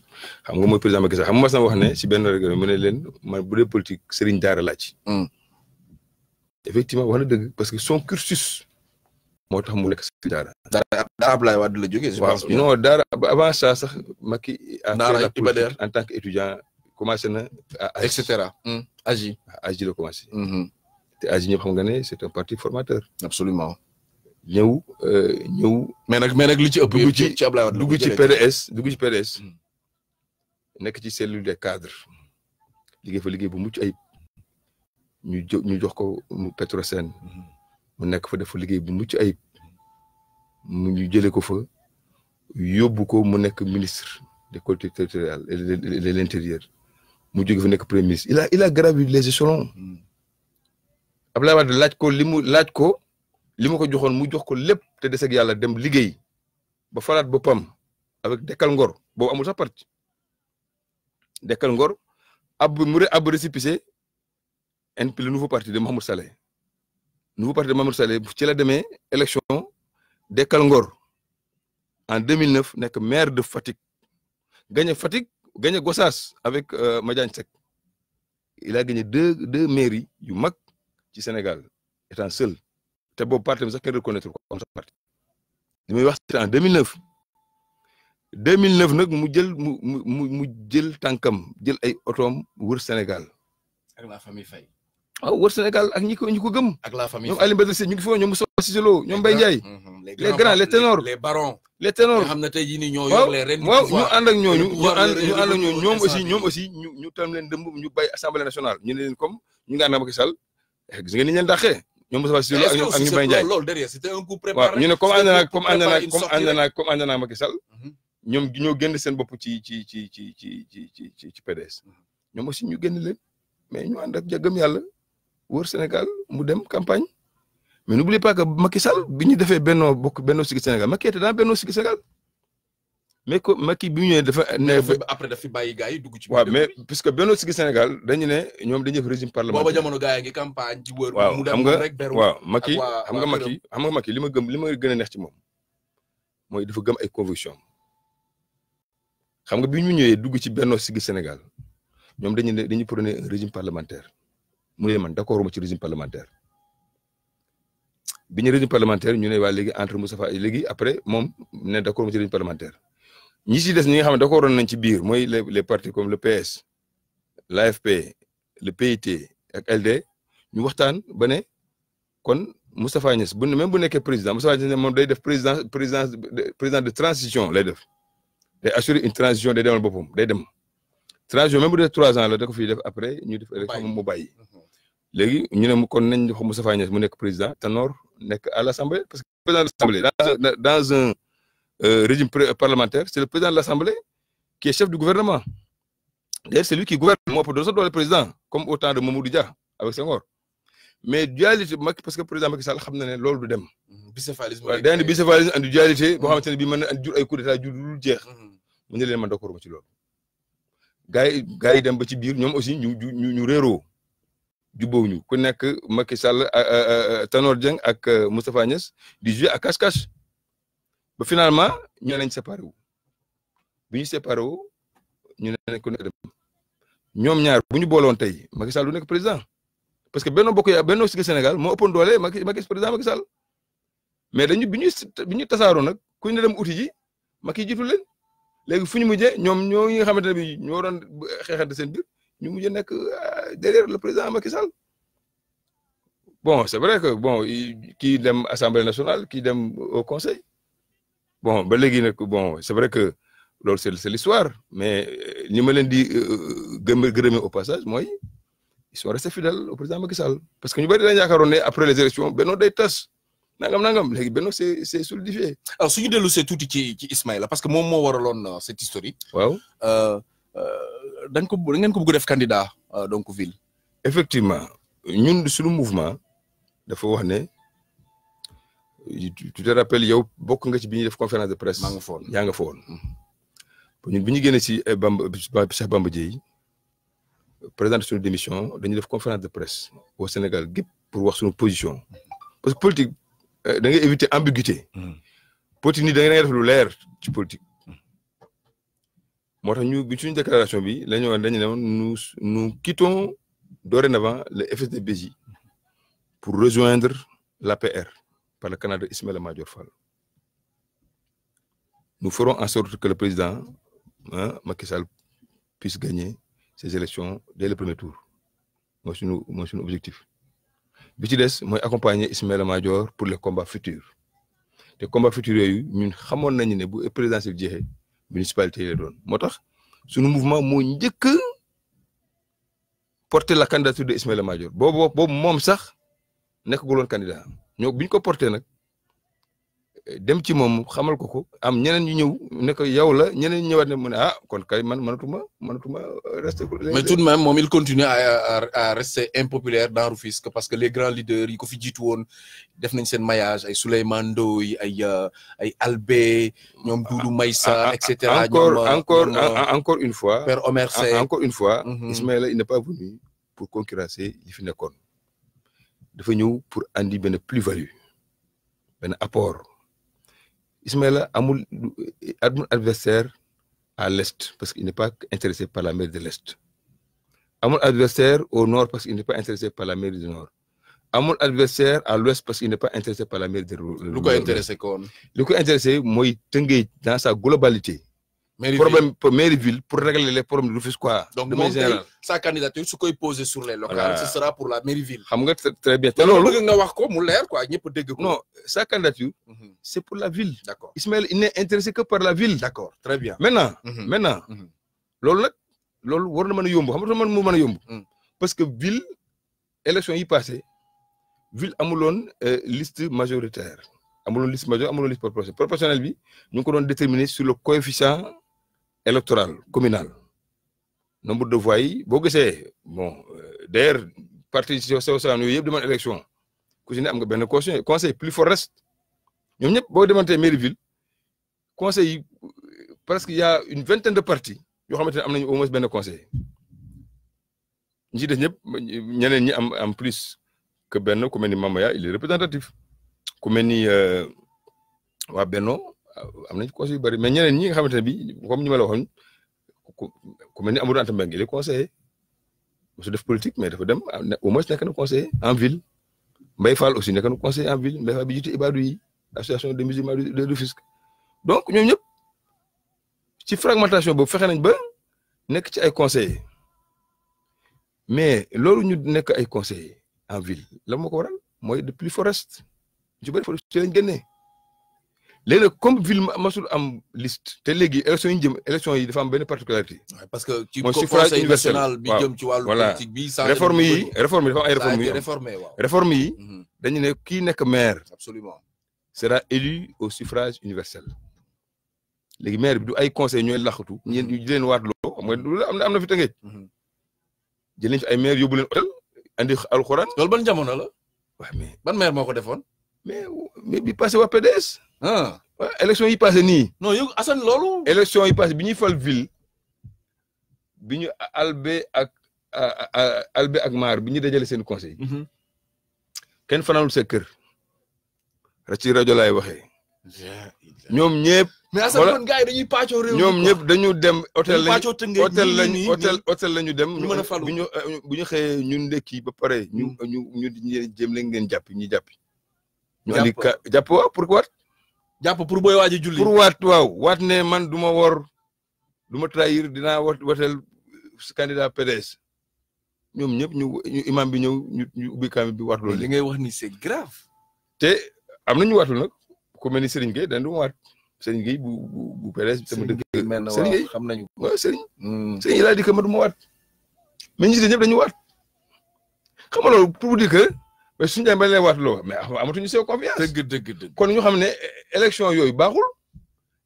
B: xam nga mooy président Macky Sall xam nga mas na wax ne si benn rajo mu ne leen man bu dee politique sëriñ daara laaj. Mm. effectivement wax na dëgg parce que son cursus moo tax mu nekk sëriñ Dara daara Abdoulaye Wade la jógee. je pense non Dara avant ça sax Macky. daara Ibader en tant que étudiant commencé na. à et cetera. agi mm. agi la commencé. Mm-hmm. te agi ñëpp xam nga ne c' est un parti formateur. absolument ñëw euh, ñëw. mais nak mais nak lu ci ëpp lu ci ci Ablaye Wade dugg ci PDS dugg ci mm. PDS nek ci cellule des cadres liggéey fa liggéey bu mucc ay ñu ñu jox ko mu Petrosen mm-hmm. mu nek fa dafa liggéey bu mucc ay mu ñu jëlé ko fa yobbu ko mu nek ministre des collectivités territoriales et de l'intérieur mu jóge fa nek premier ministre il a il a gravi les échelons mm. Ablaye wad laaj ko limu mu laaj ko li ma ko joxoon mu jox ko lepp te des ak yàlla dem liggéey ba falat bopam avec dekkal ngor boobu amul sax parti dekkal ngor ab mu re ab récépissé NP le nouveau parti de Mahmoud Saleh nouveau parti de Mahmoud Saleh ci la demee élection dekkal ngor en 2009 nek maire de Fatik, gagné Fatik, gagné Gossas avec euh, Madiagne Seck il a gagné deux deux mairies yu mag ci Sénégal étant seul te boobu parti sax reconnaître comme parti en 2009 2009 nak mu jël mu mu jël jël ay Sénégal. ak la famille Fay. waaw wër Sénégal ak ñi ko ñi ko ak la famille ñu fi mhm, les grands les ténors les barons. les ténors xamna tay les ñu and ak ñu ak ñom aussi ñom aussi ñu tam leen dembu ñu assemblée nationale ñu comme ñu ni ñoom Moustapha Cissé ak ñoom ak ñu Mbaye Ndiaye loolu derrière c'était un coup ñoo génn seen bopp ci ci ci ci ci ci ci ci PDS ñoom aussi ñu génn le mais ñu ànd ak jàggam yàlla wër Sénégal mu dem campagne mais n'oubliez pas que Macky Sall bi ñu defee Benno Bokk Benno Siggi Sénégal Macky était dans Benno Siggi Sénégal mais que maki bi mu ñëwee dafa ne. après daf fi bàyyi gars yi dugg ci. waaw mais puisque Benno Siggil Sénégal dañu ne ñoom dañuy def régime parlementaire. booba jamono gars yi ngi campagne ci wër. waaw xam nga waaw Macky xam nga Macky xam nga Macky li ma gëm li ma gën a ci moom mooy dafa gëm ay conviction xam nga bi ñu ñëwee dugg ci Benno Siggil Sénégal ñoom dañu ne dañuy prôné un régime parlementaire mu ne man d'accord ma ci régime parlementaire bi ñu régime parlementaire ñu ne waa léegi entre Moustapha legi après moom ne d'accord ma ci régime ñi ci dess ñi nga xam da ko waroon nañ ci biir moy les partis comme le PS l'AFP le PIT ak LD ñu waxtaan ba ne kon Moustapha Niass bu même bu nekkee président Moustapha Niass mom day def président président président de transition lay def day assurer une transition day demal boppam day dem transition même bu def trois ans la da ko fi def après ñu def élection mu bàyyi légui ñu ne kon nañ Moustapha Niass mu nekk président Tanor nekk à l'Assemblée parce que président de l'Assemblée dans un euh, régime parlementaire, c'est le président de l'Assemblée qui est chef du gouvernement. D'ailleurs, c'est lui qui gouverne. Moi, pour d'autres, dois le président, comme au temps de Mamoudou Dia avec Senghor. Mais dualité, parce que le président Macky Sall, il sait que c'est ce qu'il y a Le bicéphalisme, Le dualité, pour que les gens aient coup d'état, du tiers. Je ne suis d'accord avec ça. gars yi gars yi dem ba ci biir aussi ñu ñu du beau jubóo Quand ku Macky Sall euh, euh, euh, Tanor Dieng ak Moustapha Niass di à cache-cache mais finalement nous pas séparé Nous nous séparons. Nous ñu ne nous Nous ne pas. parce que benn benn si Sénégal nous avons doole Macky président Sall mais nous, avons nous, nous nous nous, ku nous, dem nous, ji Macky nous, nous nous, fu nous nous, nous nous, ne bi ñoo nous, euh, derrière le président Macky Sall bon c'est vrai que bon nous, dem assemblée nationale qui est au conseil bon ba légui nak bon c'est vrai que loolu c'est c'est l'histoire mais ni euh, ma len di euh, gëm gëremé au passage moy ils sont restés fidèles au président Macky Sall parce que ñu bari dañu yaakaaroon après les élections Benno day tass nangam nangam légui Benno c'est c'est solidifié. alors suñu dellu c'est tout ci ci Ismaïla parce que mom mo waraloon euh, cette historique. waaw dañ ko da ngeen ko bëgg def candidat donc ville. effectivement ñun suñu mouvement dafa wax né tu te rappelles yow bokk nga ci bi def conférence de presse. maa nga foon yaa nga foon. Mm-hmm. ñun bi ñu génnee ci eh, Bamba Cheikh Bamba Dièye présenté suñu démission dañu def conférence de presse au Sénégal gépp pour wax suñu position parce que politique eh, da ngay éviter ambiguïté. Mm-hmm. politique nii da ngay def lu leer ci politique. Mm-hmm. moo tax ñu bi suñu déclaration bi lañu dañu nous nous quittons dorénavant le fsd pour rejoindre l'APR le Canada Ismaël Major Fall. Nous ferons en sorte que le président hein, puisse gagner ces élections dès le premier tour. Moi, c'est objectif. Bitides, moi, accompagner Ismaël Major pour les combats futurs. Les combats futurs, nous que le président de la municipalité est mouvement la candidature ismaël Major. bon bon, que candidat ñoo buñ ko porté nak dem ci mom xamal ko ko am ñeneen ñu ñew ne ko yaw la ñeneen ñu ñëwaat ne mu ne ah kon kay man mënatuma mënatuma rester. mais tout de même mom il continue à à rester impopulaire dans Rufisque parce que les grands leaders yi ko fi jitu won def nañ sen maillage ay Souleymane Doy ay euh, ay Albé ñom Doudou Maïssa ah, ah, et cetera. Ah, encore euh, encore encore une fois. Père Omer Seye encore une fois. Mm-hmm. Ismaël il n'est pas venu pour concurrencer yi fi nekkoon dafa pour andi plus-value un apport Ismaïla amul adversaire à l'est parce qu'il n'est pas intéressé par la mer de l'est mon adversaire au nord parce qu'il n'est pas intéressé par la mer du nord mon adversaire à l'ouest parce qu'il n'est pas intéressé par la mer de. l'ouest intéressé kon. ko intéressé dans sa globalité mairie problème pour mairie ville pour régler les problèmes de Rufisque quoi. donc moom tey sa candidature ce koy poser sur les locales. ce sera pour la mairie ville. xam nga très bien te loolu. nga wax ko mu leer quoi ñep dégg ko. non sa candidature. Mhm. c' est pour la ville. d' Ismaël il n'est intéressé que par la ville. d'accord très bien maintenant. Mhm. maintenant mhm. loolu nak loolu war na mëna yomb xam nga man mëna yomb. parce que ville élection yi passé ville amuloon euh, liste majoritaire amulone liste majoritaire amulone liste proportionnelle proportionnelle bi ñu ko don déterminer sur le coefficient électorale communal. nombre de voix yi bo gisee bon euh, d'ailleurs parti ça nous yëpp élection am conseil conseil plus fort reste mairie ville conseil y a une vingtaine de partis yo ont au moins conseil ñi en plus que il est représentatif am nañ conseil yu bëri mais ñeneen ñi nga xamante ne bii comme ñu ma la waxoon ku mel ni Amadou Anta Mbengue li conseiller mosu def politique mais dafa dem ah, au moins nekk na conseiller en ville Mbaye Fall aussi nekk na conseiller en ville Mbaye Fall bi jiite Ibadu yi association des musulmans de Rufisque donc ñoom ñëpp ci fragmentation boobu fexe nañ ba nekk ci ay conseillers mais loolu ñu nekk ay conseillers en ville la moo ko waral mooy de plus forest ñu ci bëri ci lañ génnee léegi comme ville masul am liste particularité. parce que ci bi ci politique bi. réforme yi réforme yi dafa réforme mhm. maire. absolument sera élu au suffrage universel. maire bi du ay conseil ñu fi ay maire hôtel andi ban la. mais maire mais mais bi passé waa PDS. ah élection yi passé nii. non yow Assane loolu. élection yi passé bi ñuy fal ville bi ñu albé ak albé ak maar bi ñu dajale seen conseil. Mhm. kenn fanaanul sa kër. ci rajo laay waxee. ñoom ñëpp. mais Assane kon dañuy pàccoo réew ñoom ñëpp dañu dem. hôtel lañu hôtel lañu hôtel hôtel lañu dem. ñu mën a falu bu ñu bu ñu xëyee ñu ndekki ba pare. ñu mm. ñu ñu jéem leen ngeen jàpp ñi jàpp. ñu andi ka jàpp waaw pour quoi japp pour boy waji julli pour wat waw wat ne man duma wor duma trahir dina wat watel candidat PDS ñom ñep ñu imam bi ñew ñu ubi kam bi wat loolu li ngay wax ni c'est grave té amna ñu watul nak ku melni Serigne Gueye dañ du wat Serigne Gueye bu bu bu PDS sama deug Serigne Gueye xam nañu wa Serigne hmm. Serigne la di que ma duma wat mais ñi ñep dañu wat xam nga loolu pour dire que mais suñu demee ba leen waat loo mais amatuñu seen confiance. dëgg dëgg kon ñu xam ne e, élection yooyu baaxul.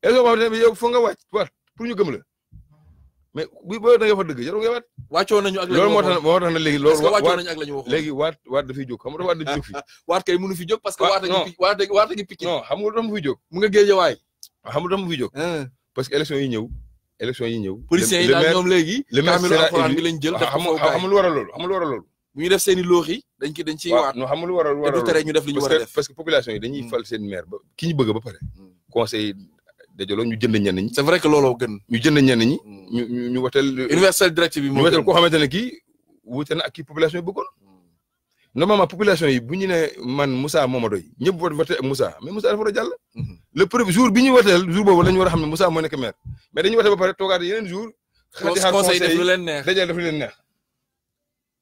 B: élection boo xam nga wàcc waat pour ñu gëm la mais bu booyee da nga fa dëgg jarul nga waat. wàccoon nañu ak la ñu loolu moo tax moo tax ne léegi. loolu wàccoon kay mënu fi jóg parce que. Ah, waat non waat waat gi picc. non xam nga lu tax mu ah, ah. parce que élection yi ñëw. élection yi ñëw. policiers yi daal ñoom léegi. le maire le maire sera élu bi lañ jël def ko foofu xam nga ñu def seeni loox yi dañ ci dañ ciy waat waaw xam lu waral waral te ñu mm. fal seen maire ba ki ñu bëgg ba pare. Mm. conseil dajaloo ñi. c'est vrai que looloo gën. ñu jënd ñenn ñi. Mm. ñu ñu ñu watal. universel direct bi moo gën ñu watal koo xamante ne kii wuute na ak kii population yi bëggoon. yi bu ñu ne man Moussa Momadou yi ñëpp vote vote ak Moussa mais Moussa dafa war a jàll. Mm-hmm. le premier jour bi ñu woteel jour boobu la ñu war a xam ne Moussa moo nekk maire mais dañuy wote def lu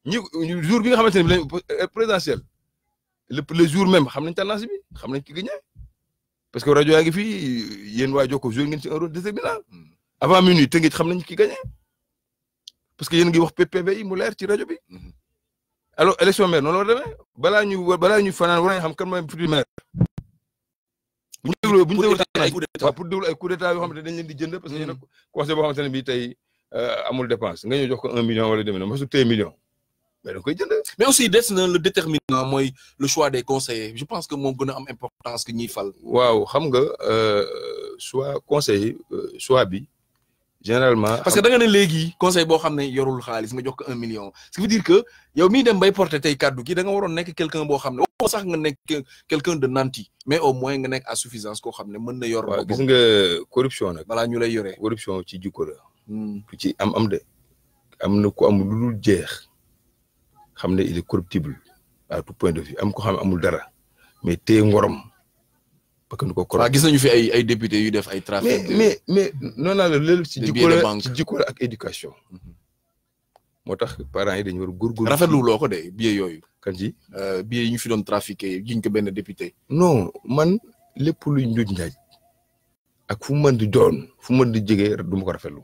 B: ñi jour bi nga xamante ne euh, présidentiel lépp le jour même xam nañ tendance bi xam nañ ki gagné parce que radio yaa fi fii way joko Jokko joué ngeen ci un rôle déterminant avant minuit te ngi xam nañ ki gagné parce que yéen ngi wax PPV yi mu leer ci radio bi alors élection maire non la demee bala ñu bala ñu fanaan war nañ xam kan mooy futur maire. bu ñu déglu bu ñu déglu ay coup d'état pour déglu ay coup d'état yo xam dañ leen di jënd parce que yéen a hmm. conseil boo xamante ne bii euh, amul dépense nga ñu jox ko 1 million wala non millions mosu tey million mais aussi des le déterminant mooy le choix des conseillers je pense que mon gën a am importance que ñiy fal. waaw xam nga euh, choix conseiller euh, choix bi généralement. parce que da nga légui conseil boo xam yorul khalis nga jox ko un million. ce qui veut dire que yow au dem bay porter tey kaddu gi da nga waroon quelqu'un bon hamne au sax nga nek quelqu'un de nanti mais au moins nga à suffisance koo xam ne yorul na yor. gis nga corruption nag. balaa ñu lay yoree. corruption ci jikko la. ku hmm. ci am am de am na ku am lu jeex. xam ne il est corruptible à tout point de vue am ko xam amul dara mais téye ngorom parce que nu ko corrompe. gis nañu fi ay ay député yu def ay trafic. mais mais mais non non loolu ci jikko la ci jikko la ak éducation. moo tax parent yi dañu war a góorgóorlu. rafetlu loo ko de billet yooyu. kan ci euh, billet yi ñu fi doon trafiqué jiñ ko benn député. non man lépp luy njuuj njaaj. ak fu mu mën di doon fu mu mën di jege du ma ko rafetlu.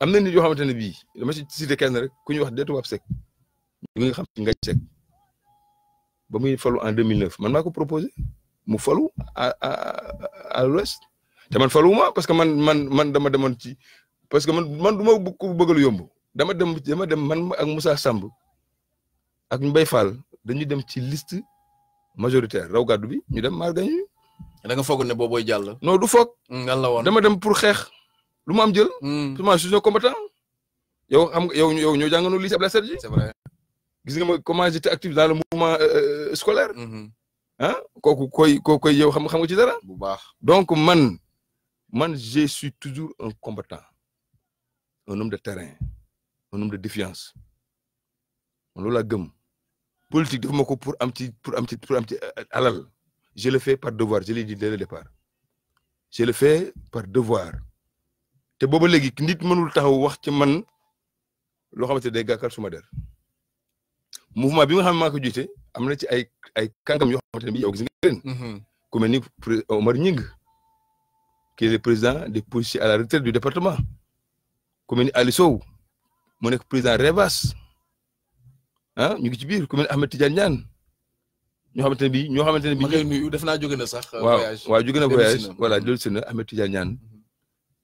B: amna nit yo xamante bi dama ci cité kenn rek ku ñu wax deetu wap sek ñu nga xam nga sek ba muy falu en 2009 man mako proposer mu falu à à à l'ouest té man faluwuma parce que man man man dama demon ci parce que man man duma ma bëgg lu yomb dama dem dama dem man ak Moussa Samb ak Mbaye Fall dañu dem ci liste majoritaire raw gaddu bi ñu dem maar gañu da nga fogg ne boboy jall non du fogg mm, lan la won dama dem pour xex Hmm. je suis un combattant. comment j'étais actif dans le mouvement scolaire. donc je suis toujours un combattant un homme de terrain un homme de défiance politique pour je le fais par devoir je l'ai dit dès le départ je le fais par devoir. te booba léegi nit mënul taxaw wax ci man loo xamante day gàkkal suma der mouvement bi nga xam ne maa ko jiite am na ci ay ay kàngam yoo xamante ne bii yow gis Ñing mm-hmm. qui le président des policiers à la retraite du département ku mel ni nekk président Revas ah ñu ngi ci biir ku mel ni Ahmed Tidiane Niane ñoo xamante ne bii ñoo xamante ne bii. ma def naa jóge na sax. Euh, voyage waaw waaw jóge na voyage voilà mm-hmm. dellusi na Ahmed Tidiane Niane.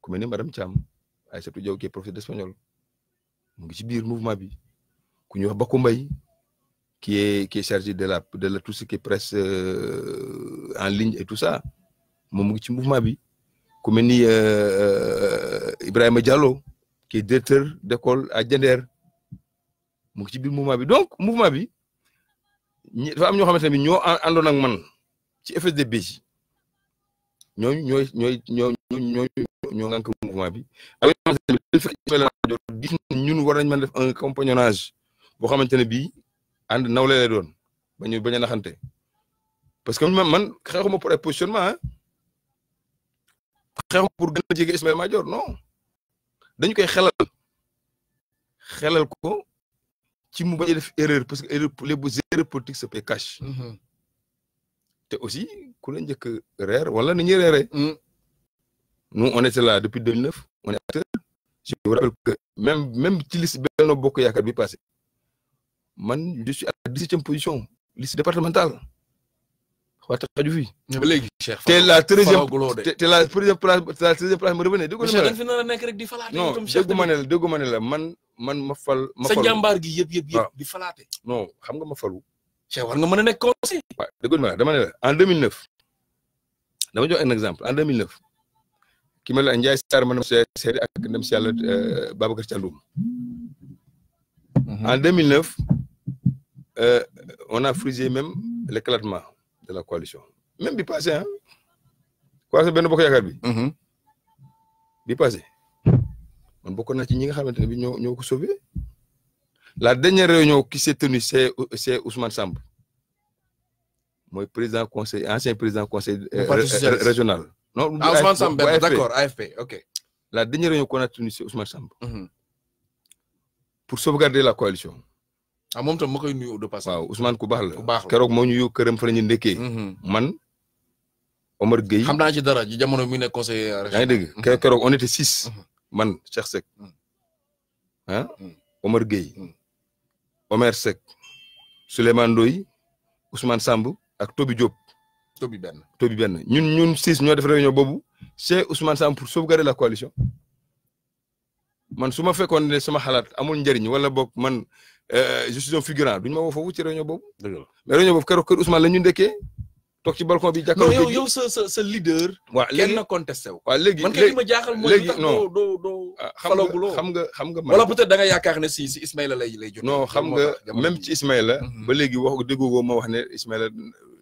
B: ku mel ni madame Thiam Aïssatou Diaw qui est professeur d'espagnol mu ngi ci biir mouvement bi ku ñu wax Bakou mbay qui est qui est chargé de la de la tout ce qui est presse euh, en ligne et tout ça moom ngi ci mouvement bi ku euh, ni euh, Ibrahima Diallo qui est directeur d'école à Diender mu ngi ci biir mouvement bi donc mouvement bi ñi dafa am ñoo xamante ne ñoo àndoon ak man ci FSD/BJ ñoy ñoy ñoy ñooñu ñoo ngànk mouvement bi ak gis ñun war nañ mën def un compagnonnage boo xamante ne bii ànd nawle lay doon ba ñu naxante parce que man man xeexuma pour ay positionnement ah xeexuma pour gën a jege Ismaël Madior non koy xelal xelal ko ci mu def erreur parce que erreur les erreurs politiques se paient mm-hmm. te aussi ku la reer wala ni ñuy Nous, on était là depuis 2009, on est Je vous rappelle que même, si passé, je suis à la 17e position, liste départementale. es la 13e, es la 13e place, es la 13e place, me Non, du je man, man, ma fal, ma fal. Sa jambar gi yep yep yep, di Non, xam nga ma Cheikh je nga nek dama né en 2009. Dama donner un exemple, en 2009 qui me l'a Ndiaye Sarr mën na seede ak ndem si euh, Babacar Thiandoum. Mhm. en 2009 euh, on a frisé même l'éclatement de la coalition même bi passé ah. coalition ben bokk yakar bi. Mhm. bi passé on bokkoon na ci ñi nga xamante bi ñoo ñoo sauvé. la dernière réunion qui s'est tenue c'est c'est Ousmane Samb moi président conseil ancien président conseil. Euh, régional. non ah, Ousmane Sambou d'accord AFP ok. La dernière réunion qu'on a tenue c'est Ousmane Sambou. Mhm. pour sauvegarder la coalition. ah moom tam ma koy nuyu de passé. waaw Ousmane ku baax la ku baax la keroog moo ñu këram fa la ñu ndékkee. Mhm. man Omar Gueye. xam naa ci dara ji jamono mi nekk conseiller dégg mhm. keroog on man Cheikh Seck. ah Omar Gueye. Omer Seck. Souleymane Ndoye Ousmane Sambou ak Tobi Diop. tobi benn tobi benn ñun ñun six ñoo def réunion boobu chez Ousmane Sam pour sauvegarder la coalition man su ma fekkoon ne sama xalaat amul njëriñ wala boog man euh, je suis un figurant duñ ma woo foofu ci réunion boobu. dëgg la mais réunion boobu keroog kër Ousmane la ñu ndekkee toog ci balcon bi. jàkkaarloo yow yow sa sa sa leader. waaw léegi kenn na wu. waaw léegi man kay li ma jaaxal mooy. léegi non ah, xam nga xam nga man wala peut da nga yaakaar si si Ismaïla lay lay xam nga même ci Ismaïla. Mhm. ba léegi wax déggoo ma wax ne Ismaïla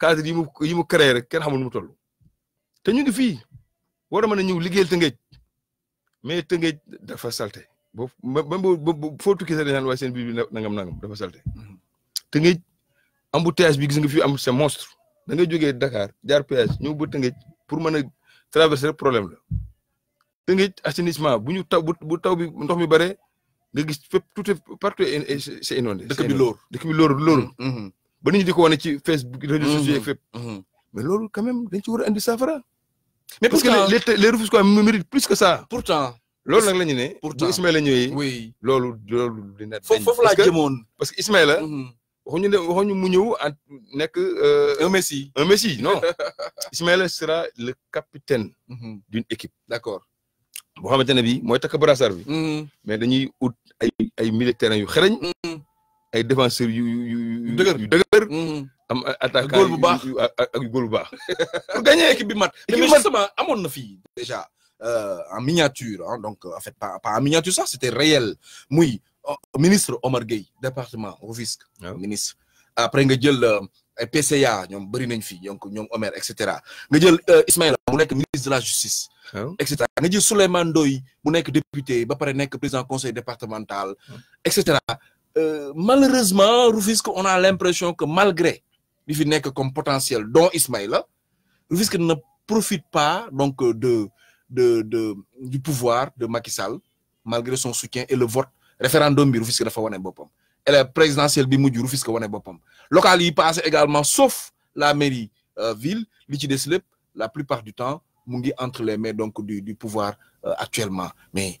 B: cadre yi mu yi mu créé rek kenn xamul mu toll te ñu ngi fii war a mën a ñëw liggéeyal Tëngéej mais Tëngéej dafa salte bo même boo foo tukkee sax dañu waaye seen biir bi nangam nangam dafa salte mm-hmm. Tëngéej embouteillage bi gis nga fi am c'est monstre da ngay jógee Dakar jar péage ñëw ba Tëngéej pour mën a traverser rek problème la Tëngéej assainissement bu ñu taw bu taw bi ndox mi bare nga gis fépp tout partout c'est inondé dëkk bi lóor dëkk bi ba nit ñi di ko ci Facebook réseaux mhm. sociaux fep mhm. mais loolu quand même dañ ci wara a indi mais parce que les les quoi méritent plus que ça pourtant loolu nag la ñu pourtant Ismaël Ismaïla ñëwee oui loolu loolu dina foofu laa jëmoon parce que waxu ñu waxu ñu mu ñëw nek nekk euh, un Messi un Messi non Ismaël sera le capitaine mhm. d'une équipe d'accord bo xamantene bi moy tak brassard bi mais dañuy out ay ay militaires yu xereñ ay défenseurs yu yu yu dëgër yu hmm. am attaque bu baax ak góol bu baax. pour gagner équipe bi mat. équipe justement amone na fi déjà euh, en miniature hein, donc en fait pas pas en miniature ça c'était réel muy euh, ministre Omar Gueye département Rufisque. Ah. ministre après nga jël le euh, PCA ñom bari nañ fi donc ñom Omer etc nga jël Ismaël mu nek ministre de la justice. Ah. et cetera nga jël Souleymane Doy, mu nek député ba paré nek président conseil départemental ah. et cetera. Euh, malheureusement Rufisque on a l'impression que malgré le comme potentiel dont Ismaïla Rufisque ne profite pas donc de de du pouvoir de Macky Sall malgré son soutien et le vote référendum Rufisque Rufisque dafa wane boppam et la présidentielle bi mujj Rufisque wane bopam local il passe également sauf la mairie euh, ville li la plupart du temps mu entre les mains donc du du pouvoir euh, actuellement mais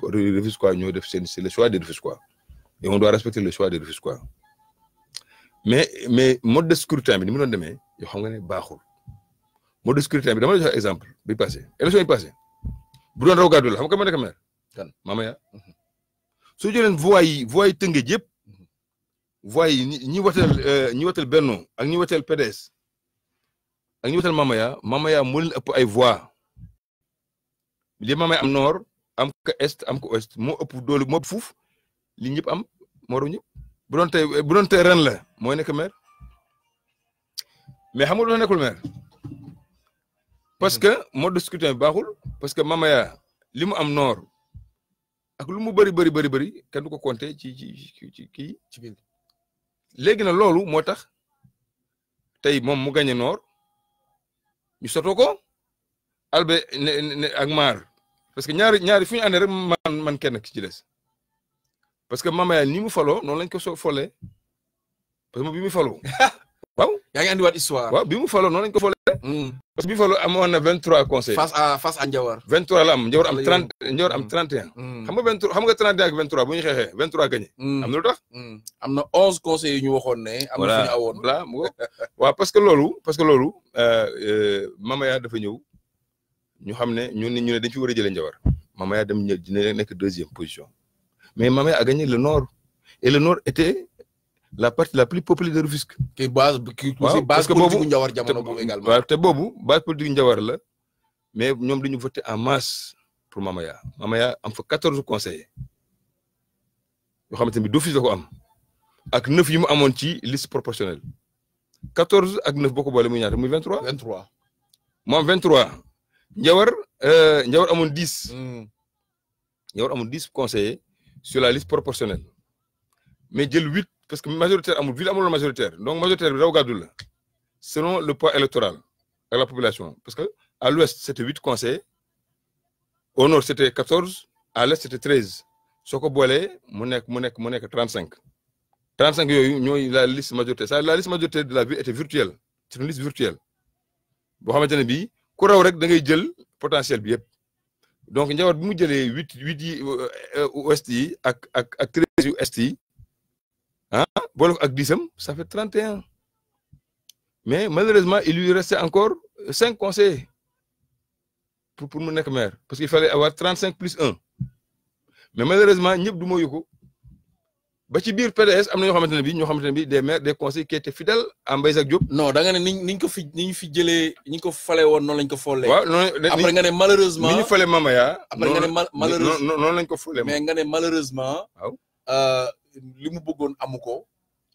B: quoi ñoo def seen c'est le choix des quoi et on doit respecter le choix des quoi mais mais mode de scrutin bi ni mu doon demee yoo xam nga ne baaxul mode de scrutin bi dama la jox exemple bi passé élection yi passé bu doon raw gàddu la xam nga man nekk maire kan Mamaya soo jëleen voix yi voix yi tëngeej yëpp mhm. voix yi ñi ñi wateel euh, ñi wateel Benno ak ñi wateel PDS ak ñi wateel Mamaya Mamaya moo leen ëpp ay voix li Mamaya am noor am ko est am ko ouest moo ëpp doole moo ëpp li ñëpp am moroom ñëpp bu doon tey ren la mooy nekk maire mais xam nga doo nekkul parce que mode de bi baaxul parce que Mamaya li mu am noor ak lu mu bëri bëri bëri bëri kenn du ko compter ci ci ci kii ci biir léegi na loolu moo tax tey moom mu gañe noor ñu sotoo ko albe ne ak parce que ñaari ñaari fu ñu àndee rek man man kenn ki ci parce que Mama ni mu faloo noonu lañ ko soo folee parce que bi mu faloo waaw yaa ngi andiwaat histoire waaw bi mu faloo noonu lañ ko folee hmm. parce que bi mu faloo amoon na vingt trois conseils face à face à Njawar vingt trois la am Njawar am trente Njawar am hmm. trente vingt trois hmm. xam nga vingt trois bu ñu xeexee vingt trois gagné am na lu tax onze conseils yu ñu waxoon ne am na fu ñu parce que loolu parce que loolu euh, euh, Mama Yane dafa ñëw nous sommes nous nous nous nous nous nous nous nous nous nous nous nous deuxième position. mais Mamaya a gagné le Nord. Et le Nord était la partie la plus populaire de Rufusque. Qui est base, qui est ouais, également. C'est bon, base politique Ndiawar. Mais nous avons voté en masse pour Mamaya. Mamaya a fait 14 conseillers. Vous savez, fait 12 fils de Kouam. Avec 9 y a une liste proportionnelle. 14 avec 9 beaucoup de Mouignard. 23 23. Moi, 23 il y a eu 10. conseillers sur la liste proportionnelle. Mais eu 8, parce que majoritaire majorité ville la majoritaire. Donc majoritaire, Rao Gadoul, selon le poids électoral à la population. Parce que à l'ouest, c'était 8 conseillers. Au nord, c'était 14. À l'est, c'était 13. Soko Boile, Monek, 35. 35, y a la liste majoritaire. la liste majoritaire de la ville était virtuelle. C'est une liste virtuelle. Bohamed Janibi, il y a des potentiels. Donc, il y a 8 ou 8 au STI, à 13 au STI. Si 10 ans, ça fait 31. Mais malheureusement, il lui restait encore 5 conseils pour nous. Parce qu'il fallait avoir 35 plus 1. Mais malheureusement, il y a des conseils ba ci biir PDS ne des conseils qui étaient fidèles à Mbaye non da nga ne ko fi fi ko lañ ko après nga ne malheureusement ñu lañ ko mais nga ne malheureusement.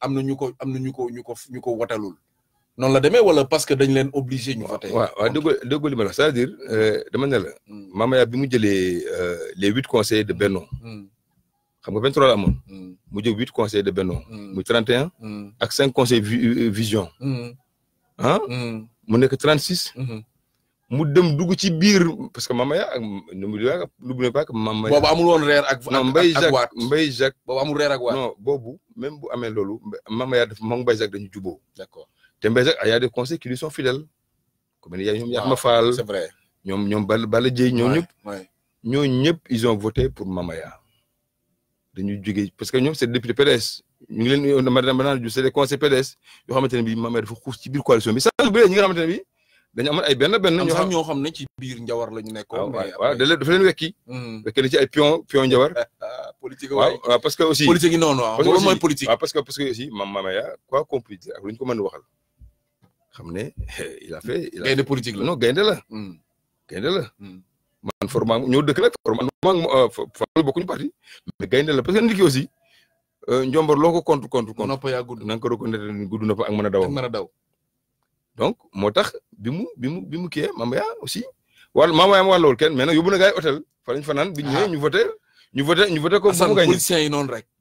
B: ñu ko ñu ko ñu ko ñu ko la wala parce que dañ leen obligé ñu li ma cest à euh, dama ne la. Hmm. bi mu euh, les huit conseils de Benno. Hmm xam nga 23 la amoon. mu jóg 8 conseils de Benno. Mm. muy 31. Mm. ak 5 conseil euh, vision. Mm. ah. mu nekk 36. Mm-hmm. mu dem dugg ci biir parce que Mamaya ak nu mu diwaat n'oubliez pas que Mamaya. boobu amul woon reer ak ak Mbaye Jacques Mbaye Jacques. boobu amul reer ak waat non boobu même bu amee loolu Mamaya dafa moom Mbaye Jacques dañu jubóo. d'accord te Mbaye Jacques ah, y a des conseils qui lui sont fidèles. comme ni ñoom Yaxma Fall. c'est vrai ñoom ñoom Bala Balla Dieye ñoom ñëpp. ñooñu ñëpp ils ont voté pour Mamaya dañuy jógee parce que ñoom c'est député PDS ñu ngi leen madame Banane Diouf c'est des conseils PDS yoo xamante ne bii Mamère dafa xuus ci biir coalition bi sax lu bëri ñi nga xamante ne bii dañu amoon ay benn benn. ñoo xam ñoo xam ne ci biir Njawar la ñu nekkoon. waaw ah, waaw dafa leen wekki. Hmm. wekk na ci ay pion pion Njawar. Ah, ah, politique waaw waaw parce que aussi. politique yi noonu waaw loolu mooy politique. waaw parce que parce que aussi mam Mamaya quoi qu'on puisse dire ak lu ñu ko mën waxal xam ne il a fait. il a gaynde politique la non gaynde la. Hmm. gaynde la. Hmm. man format ñoo dëkk nag format format euh, bokkuñu parti mais gaynde la parce que nit ki aussi euh, njombar loo ko compte compte compte. nopp yaa gudd na nga ko reconnaître ni na fa ak mën a daw. ak mën a daw donc moo tax bi mu bi mu bi mu kii Mama yaa aussi wàll Mama yaa ma wàlluwul kenn mais nag yóbbu hôtel fa lañ fanaan. bi ñëwee ah. ñu voté ñu voté ñu voté ko. yi noonu rek.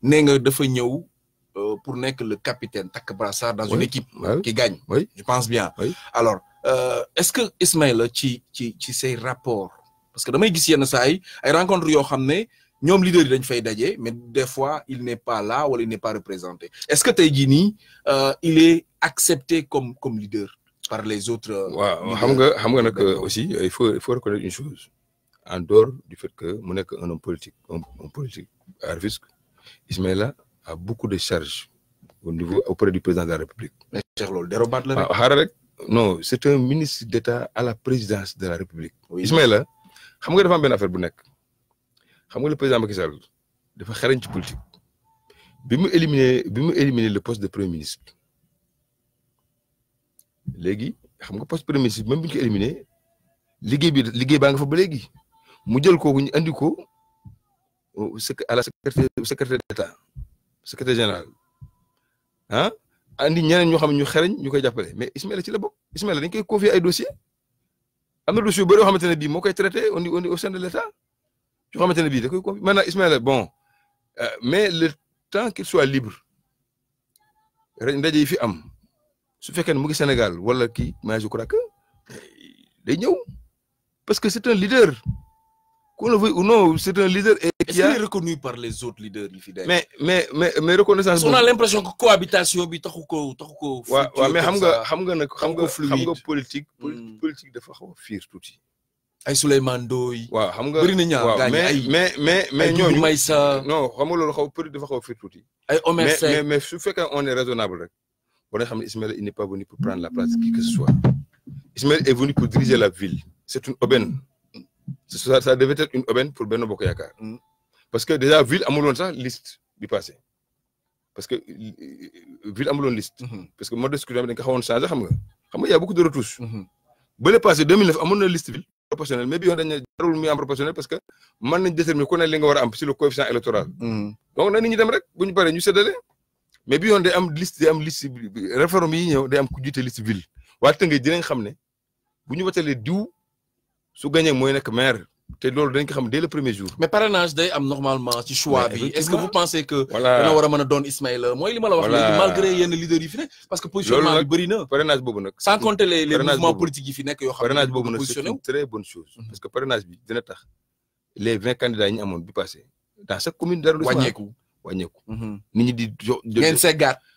B: nee nga dafa ñëw euh, pour nek le capitaine tak brassard dans une équipe qui gagne je pense bien alors euh, est-ce que Ismaïla ci ci ci rapport parce que damay gis yenn say ay rencontre yo xamné ñom leader yi dañ fay mais des fois il n'est pas là ou il n'est pas représenté est-ce que tay euh, il est accepté comme comme leader par les autres xam nga xam nga aussi il faut il faut reconnaître une chose en dehors du fait que mu nek un homme politique un politique à risque Ismaïla a beaucoup de charges au niveau auprès du président de la République. mais Cheikh loolu dérobaat la rek non c'est un ministre d'État à la présidence de la République. Ismaïla xam nga dafa am benn affaire bu nekk xam nga le président Macky Sall dafa xarañ ci politique Bimu éliminer, éliminé éliminer le poste de premier ministre légui xam nga poste premier ministre même bu éliminer, ko éliminé liggéey bi liggéey ba nga fa ba légui mu jël kooku ñu andi ko. au à la secrétaire d'État secrétaire général ah andi ñeneen ñoo xam ne ñu xereñ ñu koy jàppale mais Ismaïla ci la bokk Ismaïla dañ koy confier ay dossier am na dossier yu bëri yoo ne bii moo koy traité au au sein de l'État yoo xamante ne bii da koy confier maintenant Ismaïla bon euh, mais le temps qu'il soit libre rek ndaje yi fi am su fekkee ne mu ngi Sénégal wala kii mais je crois que euh, day ñëw parce que c'est un leader. non, c'est un leader. Est-ce qu'il est reconnu par les autres leaders mais, mais, mais, mais reconnaissance. On a l'impression que cohabitation, bi taxuko taxuko. Ouais, wa mais xam nga xam nga nak xam nga xam nga politique hmm. politique dafa xaw fiir touti. Ay Souleymane Doy. Wa xam nga bari na ñaan gaay ay mais mais mais ñoo may sa non xam nga lolu xaw politique dafa xaw fiir touti. Ay Omer mais mais su fekkee on est raisonnable rek. Bon xam Ismaël il n'est pas venu pour prendre la place qui que ce soit. Ismaël est venu pour diriger la ville. C'est une aubaine ça, ça, devait être une aubaine pour Beno Bokoyaka. Mm. Parce que déjà, Ville Amoulon, ça, liste du passé. Parce que euh, euh, Ville Amoulon, liste. Mm-hmm. Parce que moi, de ce que j'avais changé, il y a beaucoup de retouches. Mm -hmm. le passé, 2009, on liste ville proportionnelle. Mais on a mis en proportionnel parce que man des déterminer ko nga le coefficient électoral. Mm-hmm. donc na ni ñi dem rek bu ñu paree ñu séddale. mais bien on day am liste day am liste réforme yi ñëw day am ku liste ville. waa Tëngéej dinañ xam ne bu ñu les su gagné moy nek maire té loolu dañ ko xam dès le premier jour. mais parrainage day am normalement ci choix bi. est-ce que vous pensez que. dañ wara war a mën a Ismaïla mooy li mala wax. malgré yene leader yi fi nek parce que positionnement bi bëri na. parrainage boobu sans compter les les mouvements politiques yi fi nek yo xam parrainage c'est une très bonne chose. Mhm. parce que parrainage bi dina tax les 20 candidats ñi amone bi passé dans chaque commune. d' arrondissement wàññeeku wàññeeku. Mhm. nit ñi di jo. ngeen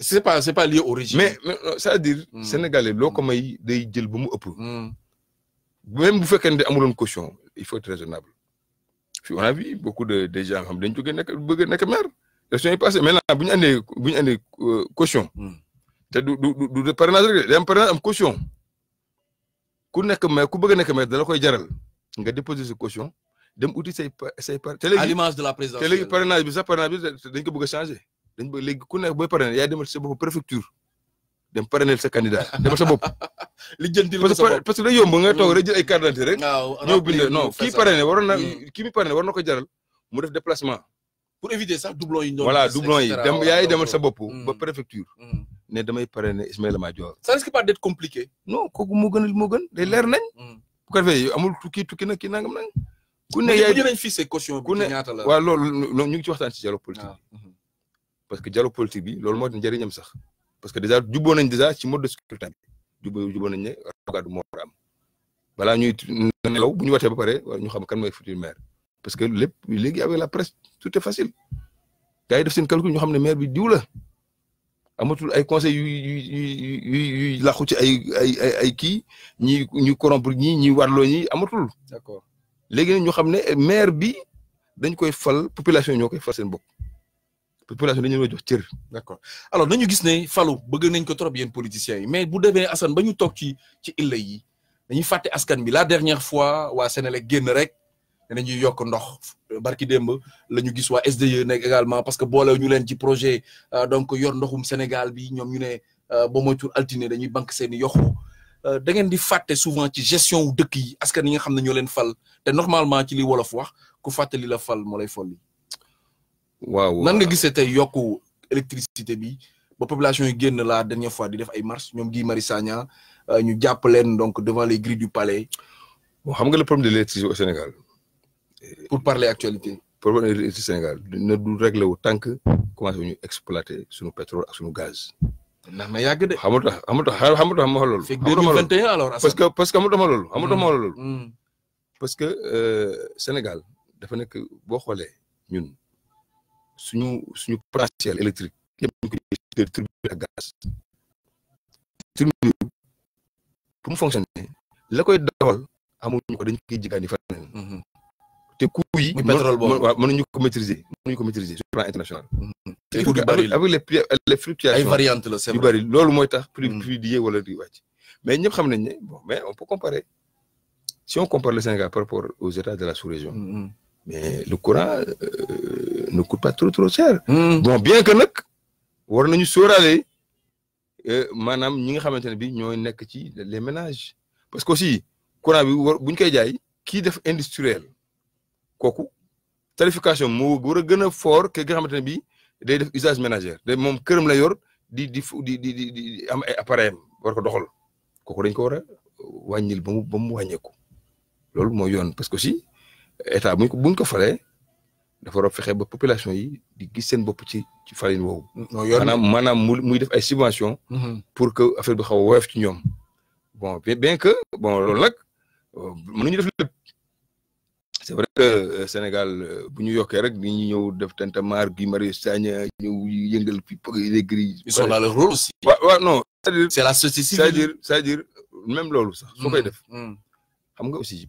B: c'est pas c'est pas lié au régime. mais ça à dire sénégalais comme des mu hmm. même bu un des caution il faut être raisonnable. on a vu beaucoup de des gens dañ maire. maintenant un euh, caution. Hmm. du du du parrainage des am caution. ku ku maire koy jaral nga déposer ce caution dem l'image de la présidence le parrainage bi parrainage dañ ba léegi ku nekk booy parrainer yaay demal sa bopp préfecture dem parrainer sa candidat demal sa bopp. li jëntil sa bopp parce que day yomb nga toog rek jël ay carte d'identité rek. ñëw hmm. na ko jaral mu def déplacement. pour éviter sax doublon yi ñoom. voilà doublon yi dem demal sa bopp. Hmm. ba préfecture. Hmm. ne damay parrainer Ismaïla Madior. ça risque pas d'être compliqué. non kooku moo gën moo gën day leer nañ. bu amul tukki tukki nag kii nangam nag. ku ne yaay bu ñu leen fixé caution ñu ngi ci waxtaan ci parce que dialogue politique bi lolou mo sax parce que déjà déjà ci mode de scrutin nañ rogadu ñuy nelaw buñu nous ba paré ñu xam kan parce que avec la presse tout est facile gars def seen calcul ñu xam né maire bi diw la ay conseil yu yu yu laxu ci ay ay ay ñi ñu corrompre ñi ñi ñi d'accord légui ñu xam né maire bi dañ koy fal population fal population la d'accord alors nañu gis né nous bëgg nañ ko trop politiciens mais bu Assane bañu tok ci ci yi askan bi la dernière fois wa Sénélec génn rek dañu yok ndox barki la gis SDE également parce que nous ñu ci projet euh, donc yor ndoxum Sénégal bi ñu euh, dañuy euh, di souvent ci gestion yi askan yi nga normalement ci li wolof wax ku li la fal lay waaw nan nga gisee tey yokku électricité bi ba population yi génn la dernière fois di def ay marche ñoom Guy Mari Sagna euh, ñu jàpp leen donc devant les grilles du palais. bon xam nga le problème de l'électricité au Sénégal. pour parler actualité. problème de l'électricité Sénégal ne du réglé wu tant que commencé ñu exploiter suñu pétrole ak suñu gaz. ndax na yàgg de. xamul tax xamul tax xamul tax ma xool loolu. fekk 2021 alors parce que parce que xamul tax ma loolu. xamul tax ma loolu. Mm. parce que euh, Sénégal dafa nekk boo xoolee ñun suñu suñu potentiel électrique qui est turbine gaz pour fonctionner la mhm. maîtriser plan international mhm. les les fluctuations variantes c'est mhm. mais mais on peut comparer si on compare le Sénégal par rapport aux États de la sous-région mais le courant euh, ne coûte pas trop trop cher. Hmm. bon bien que nak war nañu euh manam ñi nga xamantene bi ñoy nek ci les ménages parce que aussi courant bi buñ koy jaay ki def industriel koku tarification mo war gëna fort que nga xamantene bi day def usage ménager day mom kërëm la yor di di di di di am ay appareil am war ko doxal koku dañ ko wara wañil bamu bamu mu ba mo yoon parce que aussi état buñ ko buñ ko falee dafa war a fexe ba population yi di gis sen bop ci ci falin woowu. maanaam manam muy def ay subvention mm-hmm. pour que affaire bi xaw a ci ñom bon bien que bon loolu euh, mënu ñu def lépp c' vrai que euh, Sénégal euh, bu ñu yokkee rek ni ñu ñëw def mar gui Marius Sagna ñëw yëngal fii Pogre ils sont dans leur rôle aussi. waaw non. c'est la société c'est à dire c'est à dire même loolu sax. soo koy mm-hmm. def. Mm-hmm. xam nga aussi.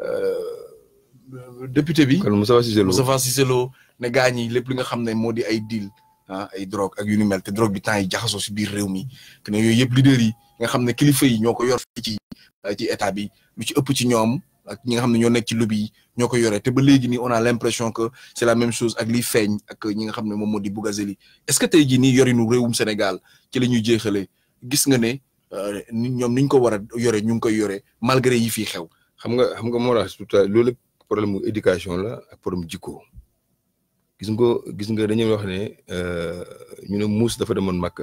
B: Euh, député bi. Moussa Moustapha Moussa Lo né gañ yi lepp li nga xamné modi ay deal hein ay drogue ak yunu mel té drogue bi tan yi jaxaso ci biir réew mi que né yooyu yëpp leader yi nga xamné kilifa yi ñoko yor ci ah, ci état bi lu ci ëpp ci ñom ak ñi nga xamné ñoo nekk ci lobby yi ñoo ko yore ba légui ni on a l'impression que c'est la même chose ak li feñ ak ñi nga xamné mom modi bougazeli est ce que tey jii nii yorinu réewum Sénégal ci la ñuy jeexalee gis nga né euh, ñoom ni ñu ko wara yoré ñu ngi koy yoré malgré yi fi xew xam nga xam nga moo tax loolu problème mu éducation la ak problème mu jikko gis nga gis nga dañuy wax ne euh, ñu ne muus dafa demoon màkk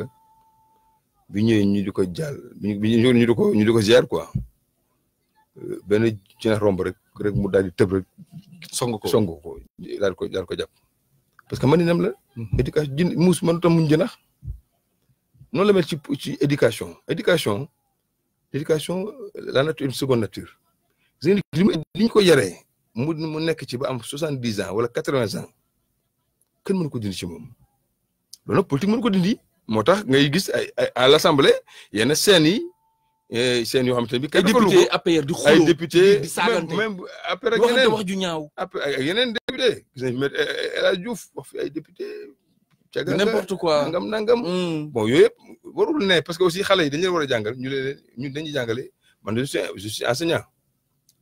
B: bi ñëwee ñu di ko jàll bi ñu ñu di ko ñu di ko ziar quoi euh, benn jinax romb rek rek mu daal di song ko song ko daal ko daal ko jàpp. parce que maninam la. Mhm. éducation jin muus mënut a muñ jinax noonu la mel ci ci éducation éducation éducation la nature une seconde nature. li ñu ko yaree mu mu nekk ci ba am soixante dix ans wala quatre vingt ans kenn mënu ko dindi ci moom loolu nag politique mënu ko dindi moo tax ngay gis ay à l' assemblée yenn seen yi eh, seen yoo xam te ne bi. ay député APR di xuloo ay député même APR ju ñaaw. APR yeneen député gis nañu eh, eh, El Hadj Diouf wax fi ay député. n'importe quoi nangam nangam. Hmm. bon yooyu yëpp warul ne parce que aussi xale yi dañu leen war a jàngal ñu leen ñun dañuy jàngale man de je suis enseignant.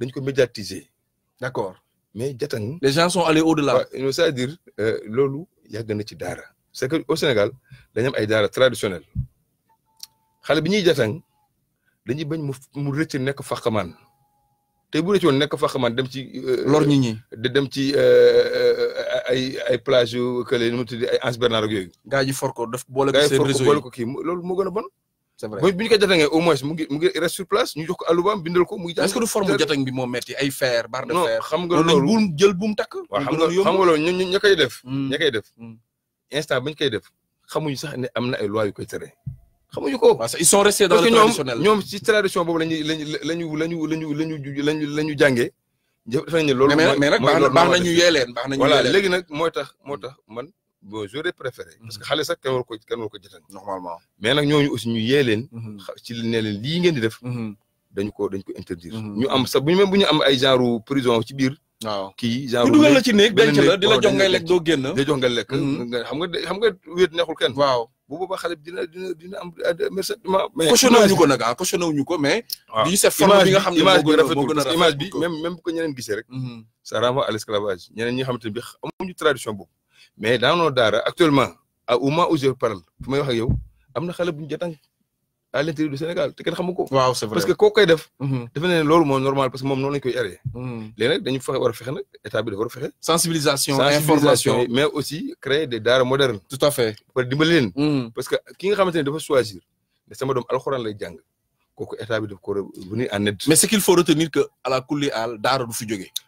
B: dañ ko médiatiser d' accord mais jatan. les gens sont allés au-delà. waaw c'est-à-dire euh, loolu yàgg na ci daara c'est que au Sénégal dañu am ay daara traditionnel xale bi ñuy jatang dañuy bañ mu mu rëcc nekk faxamaan te bu rëcc woon nekk faxamaan dem ci. Euh, lor ñi ñi dem ci euh, ay ay plage yu les nu mu tudd ay Anse Bernard ak yooyu. gaa yi for ko daf boole ko seen réseau yi gaa yi for ko boole ko kii loolu moo gën a bon. c'est vrai au moins mu ngi sur place ñu jox ko alubaam ce que du forme jotañ bi moo metti ay fer barre de fer. xam nga loolu bu jël buum xam nga xam nga koy def. Mm. ña def mm. instant bañ koy def xamuñu sax ne am na ay loi yu koy tere. xamuñu ko parce que ils sont restés dans ñoom ñoom ci tradition boobu lañuy lañu lañu lañu lañu lañu lañu jàngee. jëf dafa ne loolu. mooy mais nag baax na ñu yee leen baax na ñu léegi nag moo tax moo tax man j'aurais préféré parce que mhm. xale sax kenn war ko kenn war ko jëtan normalement mais nag ñooñu aussi ñu yee leen mhm. ngeen di def mhm. dañu ko dañ ko interdire ñu am sax buñu même bu ñu am ay genre prison ci biir waaw kii genre ñu dugal la lekk doo nga xam nga xam nga wéet neexul kenn waaw bu boobaa xale bi dina dina dina am mercedement ah, mais cautionné wuñu ko nag ah ñeneen gisee rek ça renvoie à l'esclavage ñeneen ñi nga bi amuñu tradition boobu mais dans nos daara actuellement au moment où je parle fu may wax ak yow am xale bu ñu jotang à l'intérieur du Sénégal te kenn xamuko waaw c'est vrai parce que koo koy def. Mhm. defe naa lolu mo normal parce que mom non lañ koy yaree. Mhm. Les nag dañu fexe war a nak état bi dafa war a sensibilisation information mais aussi créer des daara modernes. tout à fait pour dimbali mhm. parce que ki nga xamanteni dafa choisir né sama dom alcorane lay jang kooku état bi daf ko war a venir en aide. mais ce qu'il faut retenir que à la coulée al daara du fi jógee.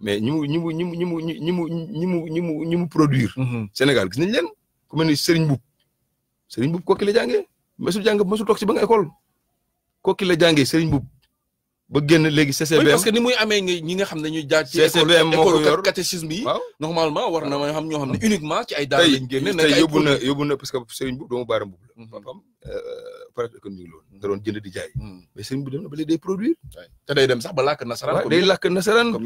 B: mais ñi mu ñi mu ñi mu ñi mu ñi mu ñi mu ñi mu ñi mu produire. Mhm. Sénégal gis nañ leen ku mel ni Serigne Mboup Serigne Mboup kooki la jàngee mësul jàng mësul toog si ba nga école kooki la jàngee Serigne Mboup ba génn léegi nga xam ne ñuy jaar ci école catéchisme yi normalement war na ma xam ñoo xam ne ah. uniquement ci ay daara lañ génne tey yóbbu na yóbbu na parce que Serigne Mboup doomu Baara Mboup la mhm. papam opérateur di jaay mhm. mais Serigne Mboup dem na ba léegi day produire te day dem sax ba làkk nasaraan day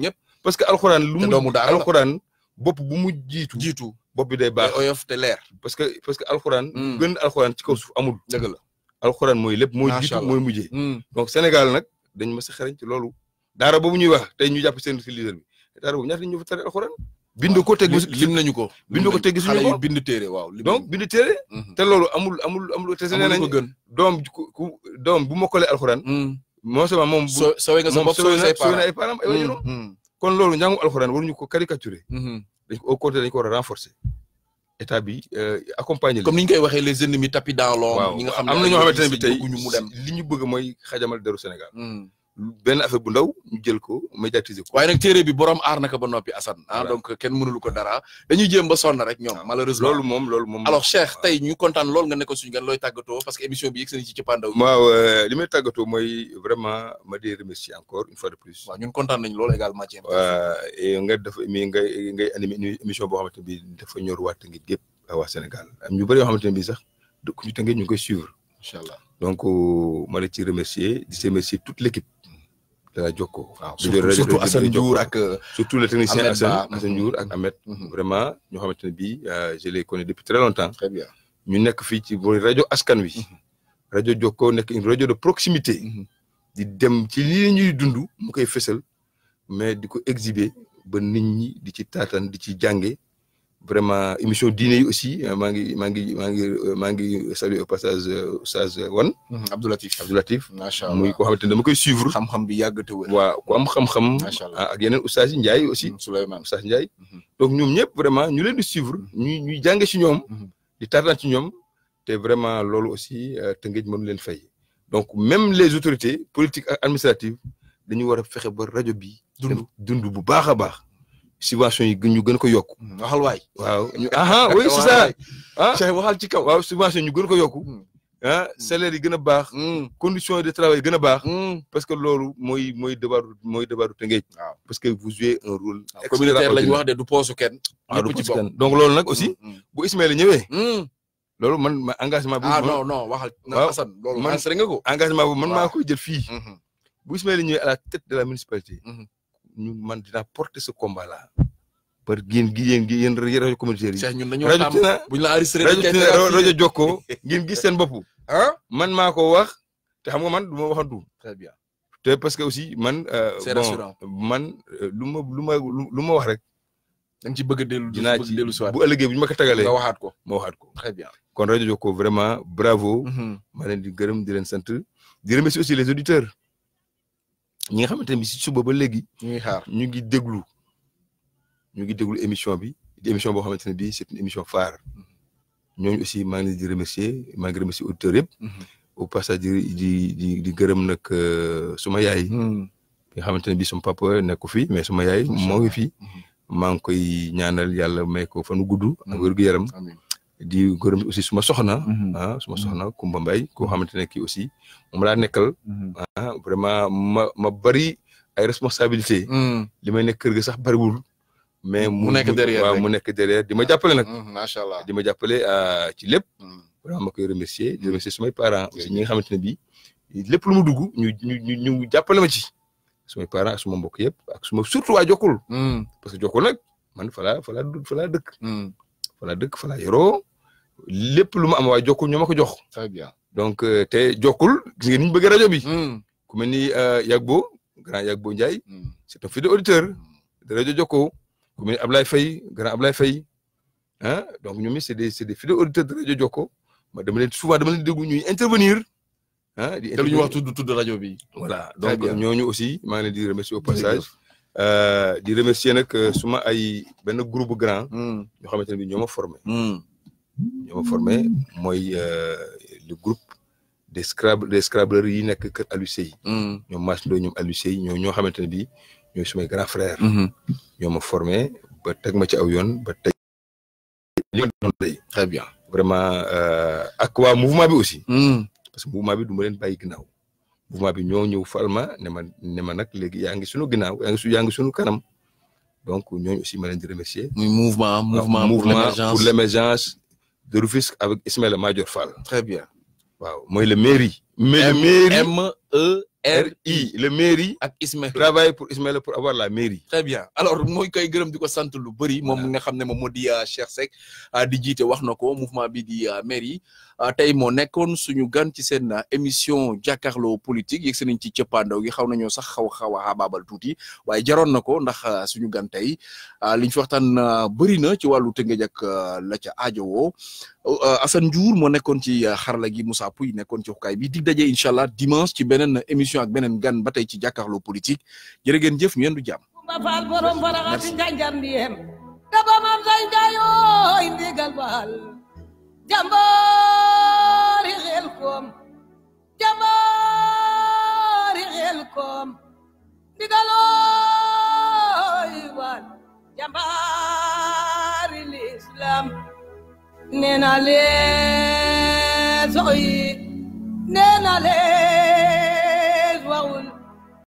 B: ñëpp parce que alxuraan lu mu doomu daara alxuraan bopp bu mu jiitu jiitu bopp bi day baax oyof te leer parce que parce que alxuraan mm. gën alxuraan ci kaw suuf amul dëgg la alxuraan mooy lépp mooy jiitu mooy mujjee mm. donc Sénégal nag dañ ma sa xarañ ci loolu daara boobu ñuy wax tey ñu jàpp seen si leader bi daara boobu ñaata ñu fa tare alxuraan bind ko te gis lim ko bind ko te gisuñu ko bind téere waaw donc bind téere mm-hmm. te loolu amul amul amul te nee nañ gën doom ku doom bu mokkalee alxuraan mm. moo sama moom soowe nga kon loolu njàngum alxuraan waruñu ko caricaturer. Mhm. dañ ko au contraire dañ ko war a renforcer. état bi euh, accompagner comme ni ñu koy waxee les ennemis tapis dans l'ombre ñi nga am na ñoo xamante ne bi tey li ñu bëgg mooy xajamal deru Sénégal. Mhm. ben affaire bu ndaw ñu jël ko médiatiser ko. waaye nag téere bi borom ar naka ba nopi Assane. ah donc kenn mënul ko dara dañuy jëm ba sonn rek ñoom. Ah, malheureusement loolu mom loolu mom alors Cheikh tay ñu contane lool nga nekkoon suñu gan loy tagato parce que émission bi yegg nañu ci pandaw waaw euh, li may tàggatoo mooy vraiment ma di merci encore une fois de plus. waaw ñun kontaan nañu lool également ci. et nga def mi ngay ngay animer émission bo xamanteni bi dafa ñor wat Tëngéej gep wa Sénégal am ñu bari yoo xamante ne sax dëkk ñu Tëngéej ñu koy suivre. incha allah donc euh, ma la ci remercier di remercier toute l'équipe dana jokkoo waaw surtout Assane Diour ak euh, surtout le technicien Assane mm-hmm. Assane Diour ak Ahmed mm-hmm. vraiment ñu xamante ne bii euh, je les connais depuis très longtemps très bien ñu nekk fi ci radio askan wi mm-hmm. radio jokkoo nekk une radio de proximité di dem ci li ñuy dund mu koy fessel mais di ko exhiber ba nit ñi di ci taataan di ci jànge vraiment émission dîner aussi euh, mangi mangi mangi euh, mangi salut au passage euh, Oustaz won mhm, Abdoulatif Abdoulatif. macha allah muy koo xamante ne dama koy suivre. xam-xam bi yàgg te wër. waaw ku am xam-xam. Ah, ak yenen Oustaz ndjay aussi. Mm, souleyman Oustaz ndjay mhm. donc ñoom ñëpp vraiment ñu leen di suivre. Mhm. ñuy ñuy jangé ci ñoom. di taataan ci ñoom. té vraiment lolu aussi Tëngéej mënu leen fay. donc même les autorités politiques administratives dañu wara fexé ba radio bi. dund dund bu baaxa baax. subvention yi ñu gën ko yokk waxal waay waaw ah, ah oui c'est ça ah Cheikh waxal ci kaw waaw subvention ñu gën ko yokku hmm. ah yi gën baax hmm. condition de travail gën a baax hmm. parce que loolu mooy mooy devoir mooy devoir du Tëngéej parce que vous jouez un rôle ah, communautaire lañu wax de du poosu kenn
A: ah, loolu
B: nag aussi bu Ismaël ñëwee loolu man ma engagement bi ah non non waxal Assane loolu man nga ko engagement boobu man maa koy jël bu Ismaël ñëwee à la tête de la municipalité ñu man dinaa porter ce combat là par yéen gi yéen gi yéen rajo communautaire yi. ñun dañoo xam bu ñu la enregistré rajo Jokko ngeen gis seen bopp. ah man maa ko wax te xam nga man du ma waxantu. très bien te parce que aussi man. Euh, c'est rassurant bon man euh, lu ma lu ma lu ma wax rek. da nga ci bëgg a dellu dinaa ci bu ëllëgee bu ñu ma ko tagalee nga waxaat ko ma waxaat ko. très bien kon rajo Jokko vraiment bravo. Mhm. ma leen di gërëm di leen sant di remercier aussi les auditeurs. ñi nga xamante ne bi si suba ba léegi. ñu ngi xaar ñu ngi déglu ñu ngi déglu émission bi di émission boo xamante ne bii c'est une émission phare mm-hmm. ñooñu aussi maa ngi leen di remercier maa ngi remercier auditeurs yëpp. Mm-hmm. au passage di di di di gërëm nag euh, suma yaay. Mm-hmm. nga xamante ne bii suma papa nekku fi mais suma yaay moo ngi fi. maa ngi koy ñaanal yàlla may ko fanu gudd. ak wér gu di gërëm aussi suma soxna mhm. ah suma mhm. soxna Kumba Mbaye koo xamante ne kii aussi moom laa nekkal mhm. ah vraiment ma ma bëri ay responsabilité li may nekk kër ga sax bëriwul mais mu nekk derrière mu nekk derrière di ma jàppale nag macha allah di ma jàppale ah, ci lépp vraiment ma koy remercier di remercier sumay parents ñi nga xamante ne bii lépp lu mu dugg ñu ñu ñu jàppale ma ci sumay parents ak suma mbokk yëpp ak suma surtout waa parce que Jokkul nag man fa laa fa laa fa dëkk fa dëkk fa lépp lu mu am waaye jokkul ñoo ma ko jox. très bien donc euh, te jokkul gis ngeen ni ñu bëgg rajo bi. Hmm. ku ni euh, Yagbo grand Yagbo Ndiaye. Hmm. c'est un fidèle auditeur. Hmm. de rajo Jokkoo ku mel ni Ablaye Faye grand Ablaye Faye ah donc ñoom it c'est des c'est des fidèles auditeurs de rajo ma dama leen souvent dama leen ñuy intervenir. ah di intervenir te lu ñu wax tudd tudd rajo bi. voilà donc ñooñu aussi maa ngi leen di remercier au passage. Euh, di remercier nag suma ay benn groupe grand. ñoo xamante ne ñoo ma formé. ñoo ma formé mooy euh, le groupe des scrabble des scrabbleurs yi nekk kër Aliou Seye mm. ñoom Mass do ñoom Aliou Seye ñoo ñoo xamante ne bii ñooy sumay grand frère mm-hmm. ñoo ma formé ba teg ma ci aw yoon ba teg li très bien vraiment euh, ak waa mouvement bi aussi mm. parce que mouvement bi du ma leen bàyyi ginnaaw mouvement bi ñoo ñëw fal ma ne ma ne ma nag léegi yaa ngi sunu ginnaaw yaa ngi su yaa ngi sunu kanam donc ñooñu aussi ma leen di remercier muy mouvement mouvement pour l'émergence de Rufisque avec Ismaël Major Fall. Très bien. Waouh. Moi le mairie. mairie e M E R I le mairie. travaille pour Ismaël pour avoir la mairie. très bien alors moi je gërëm di ko sant lu bëri moom nga xam ne moom moo à euh, Cheikh à euh, di jiite wax mouvement bi di euh, mairie. Tay mo nekkoon suñu gan ci sen émission jakarlo politique yek si ci cëppaandaw gi xawna nañoo sax xaw xawa a xaabaabal tuuti waaye jaroon na ndax suñu gan tay liñ fi waxtan bëri na ci walu tëngëj ak la ca aajowoo asan jour mo nekkoon ci xarla gi Moussa puy nekkoon ci xukay bi dig dajé inshallah allah dimanche ci benen émission ak benen gan batay ci jakarlo politique jërë ngeen jëf ñu jam borom bi hem.
A: jambaari xel koom jambaari xel koom ndigalooy waan jambaari
B: lislaam nee na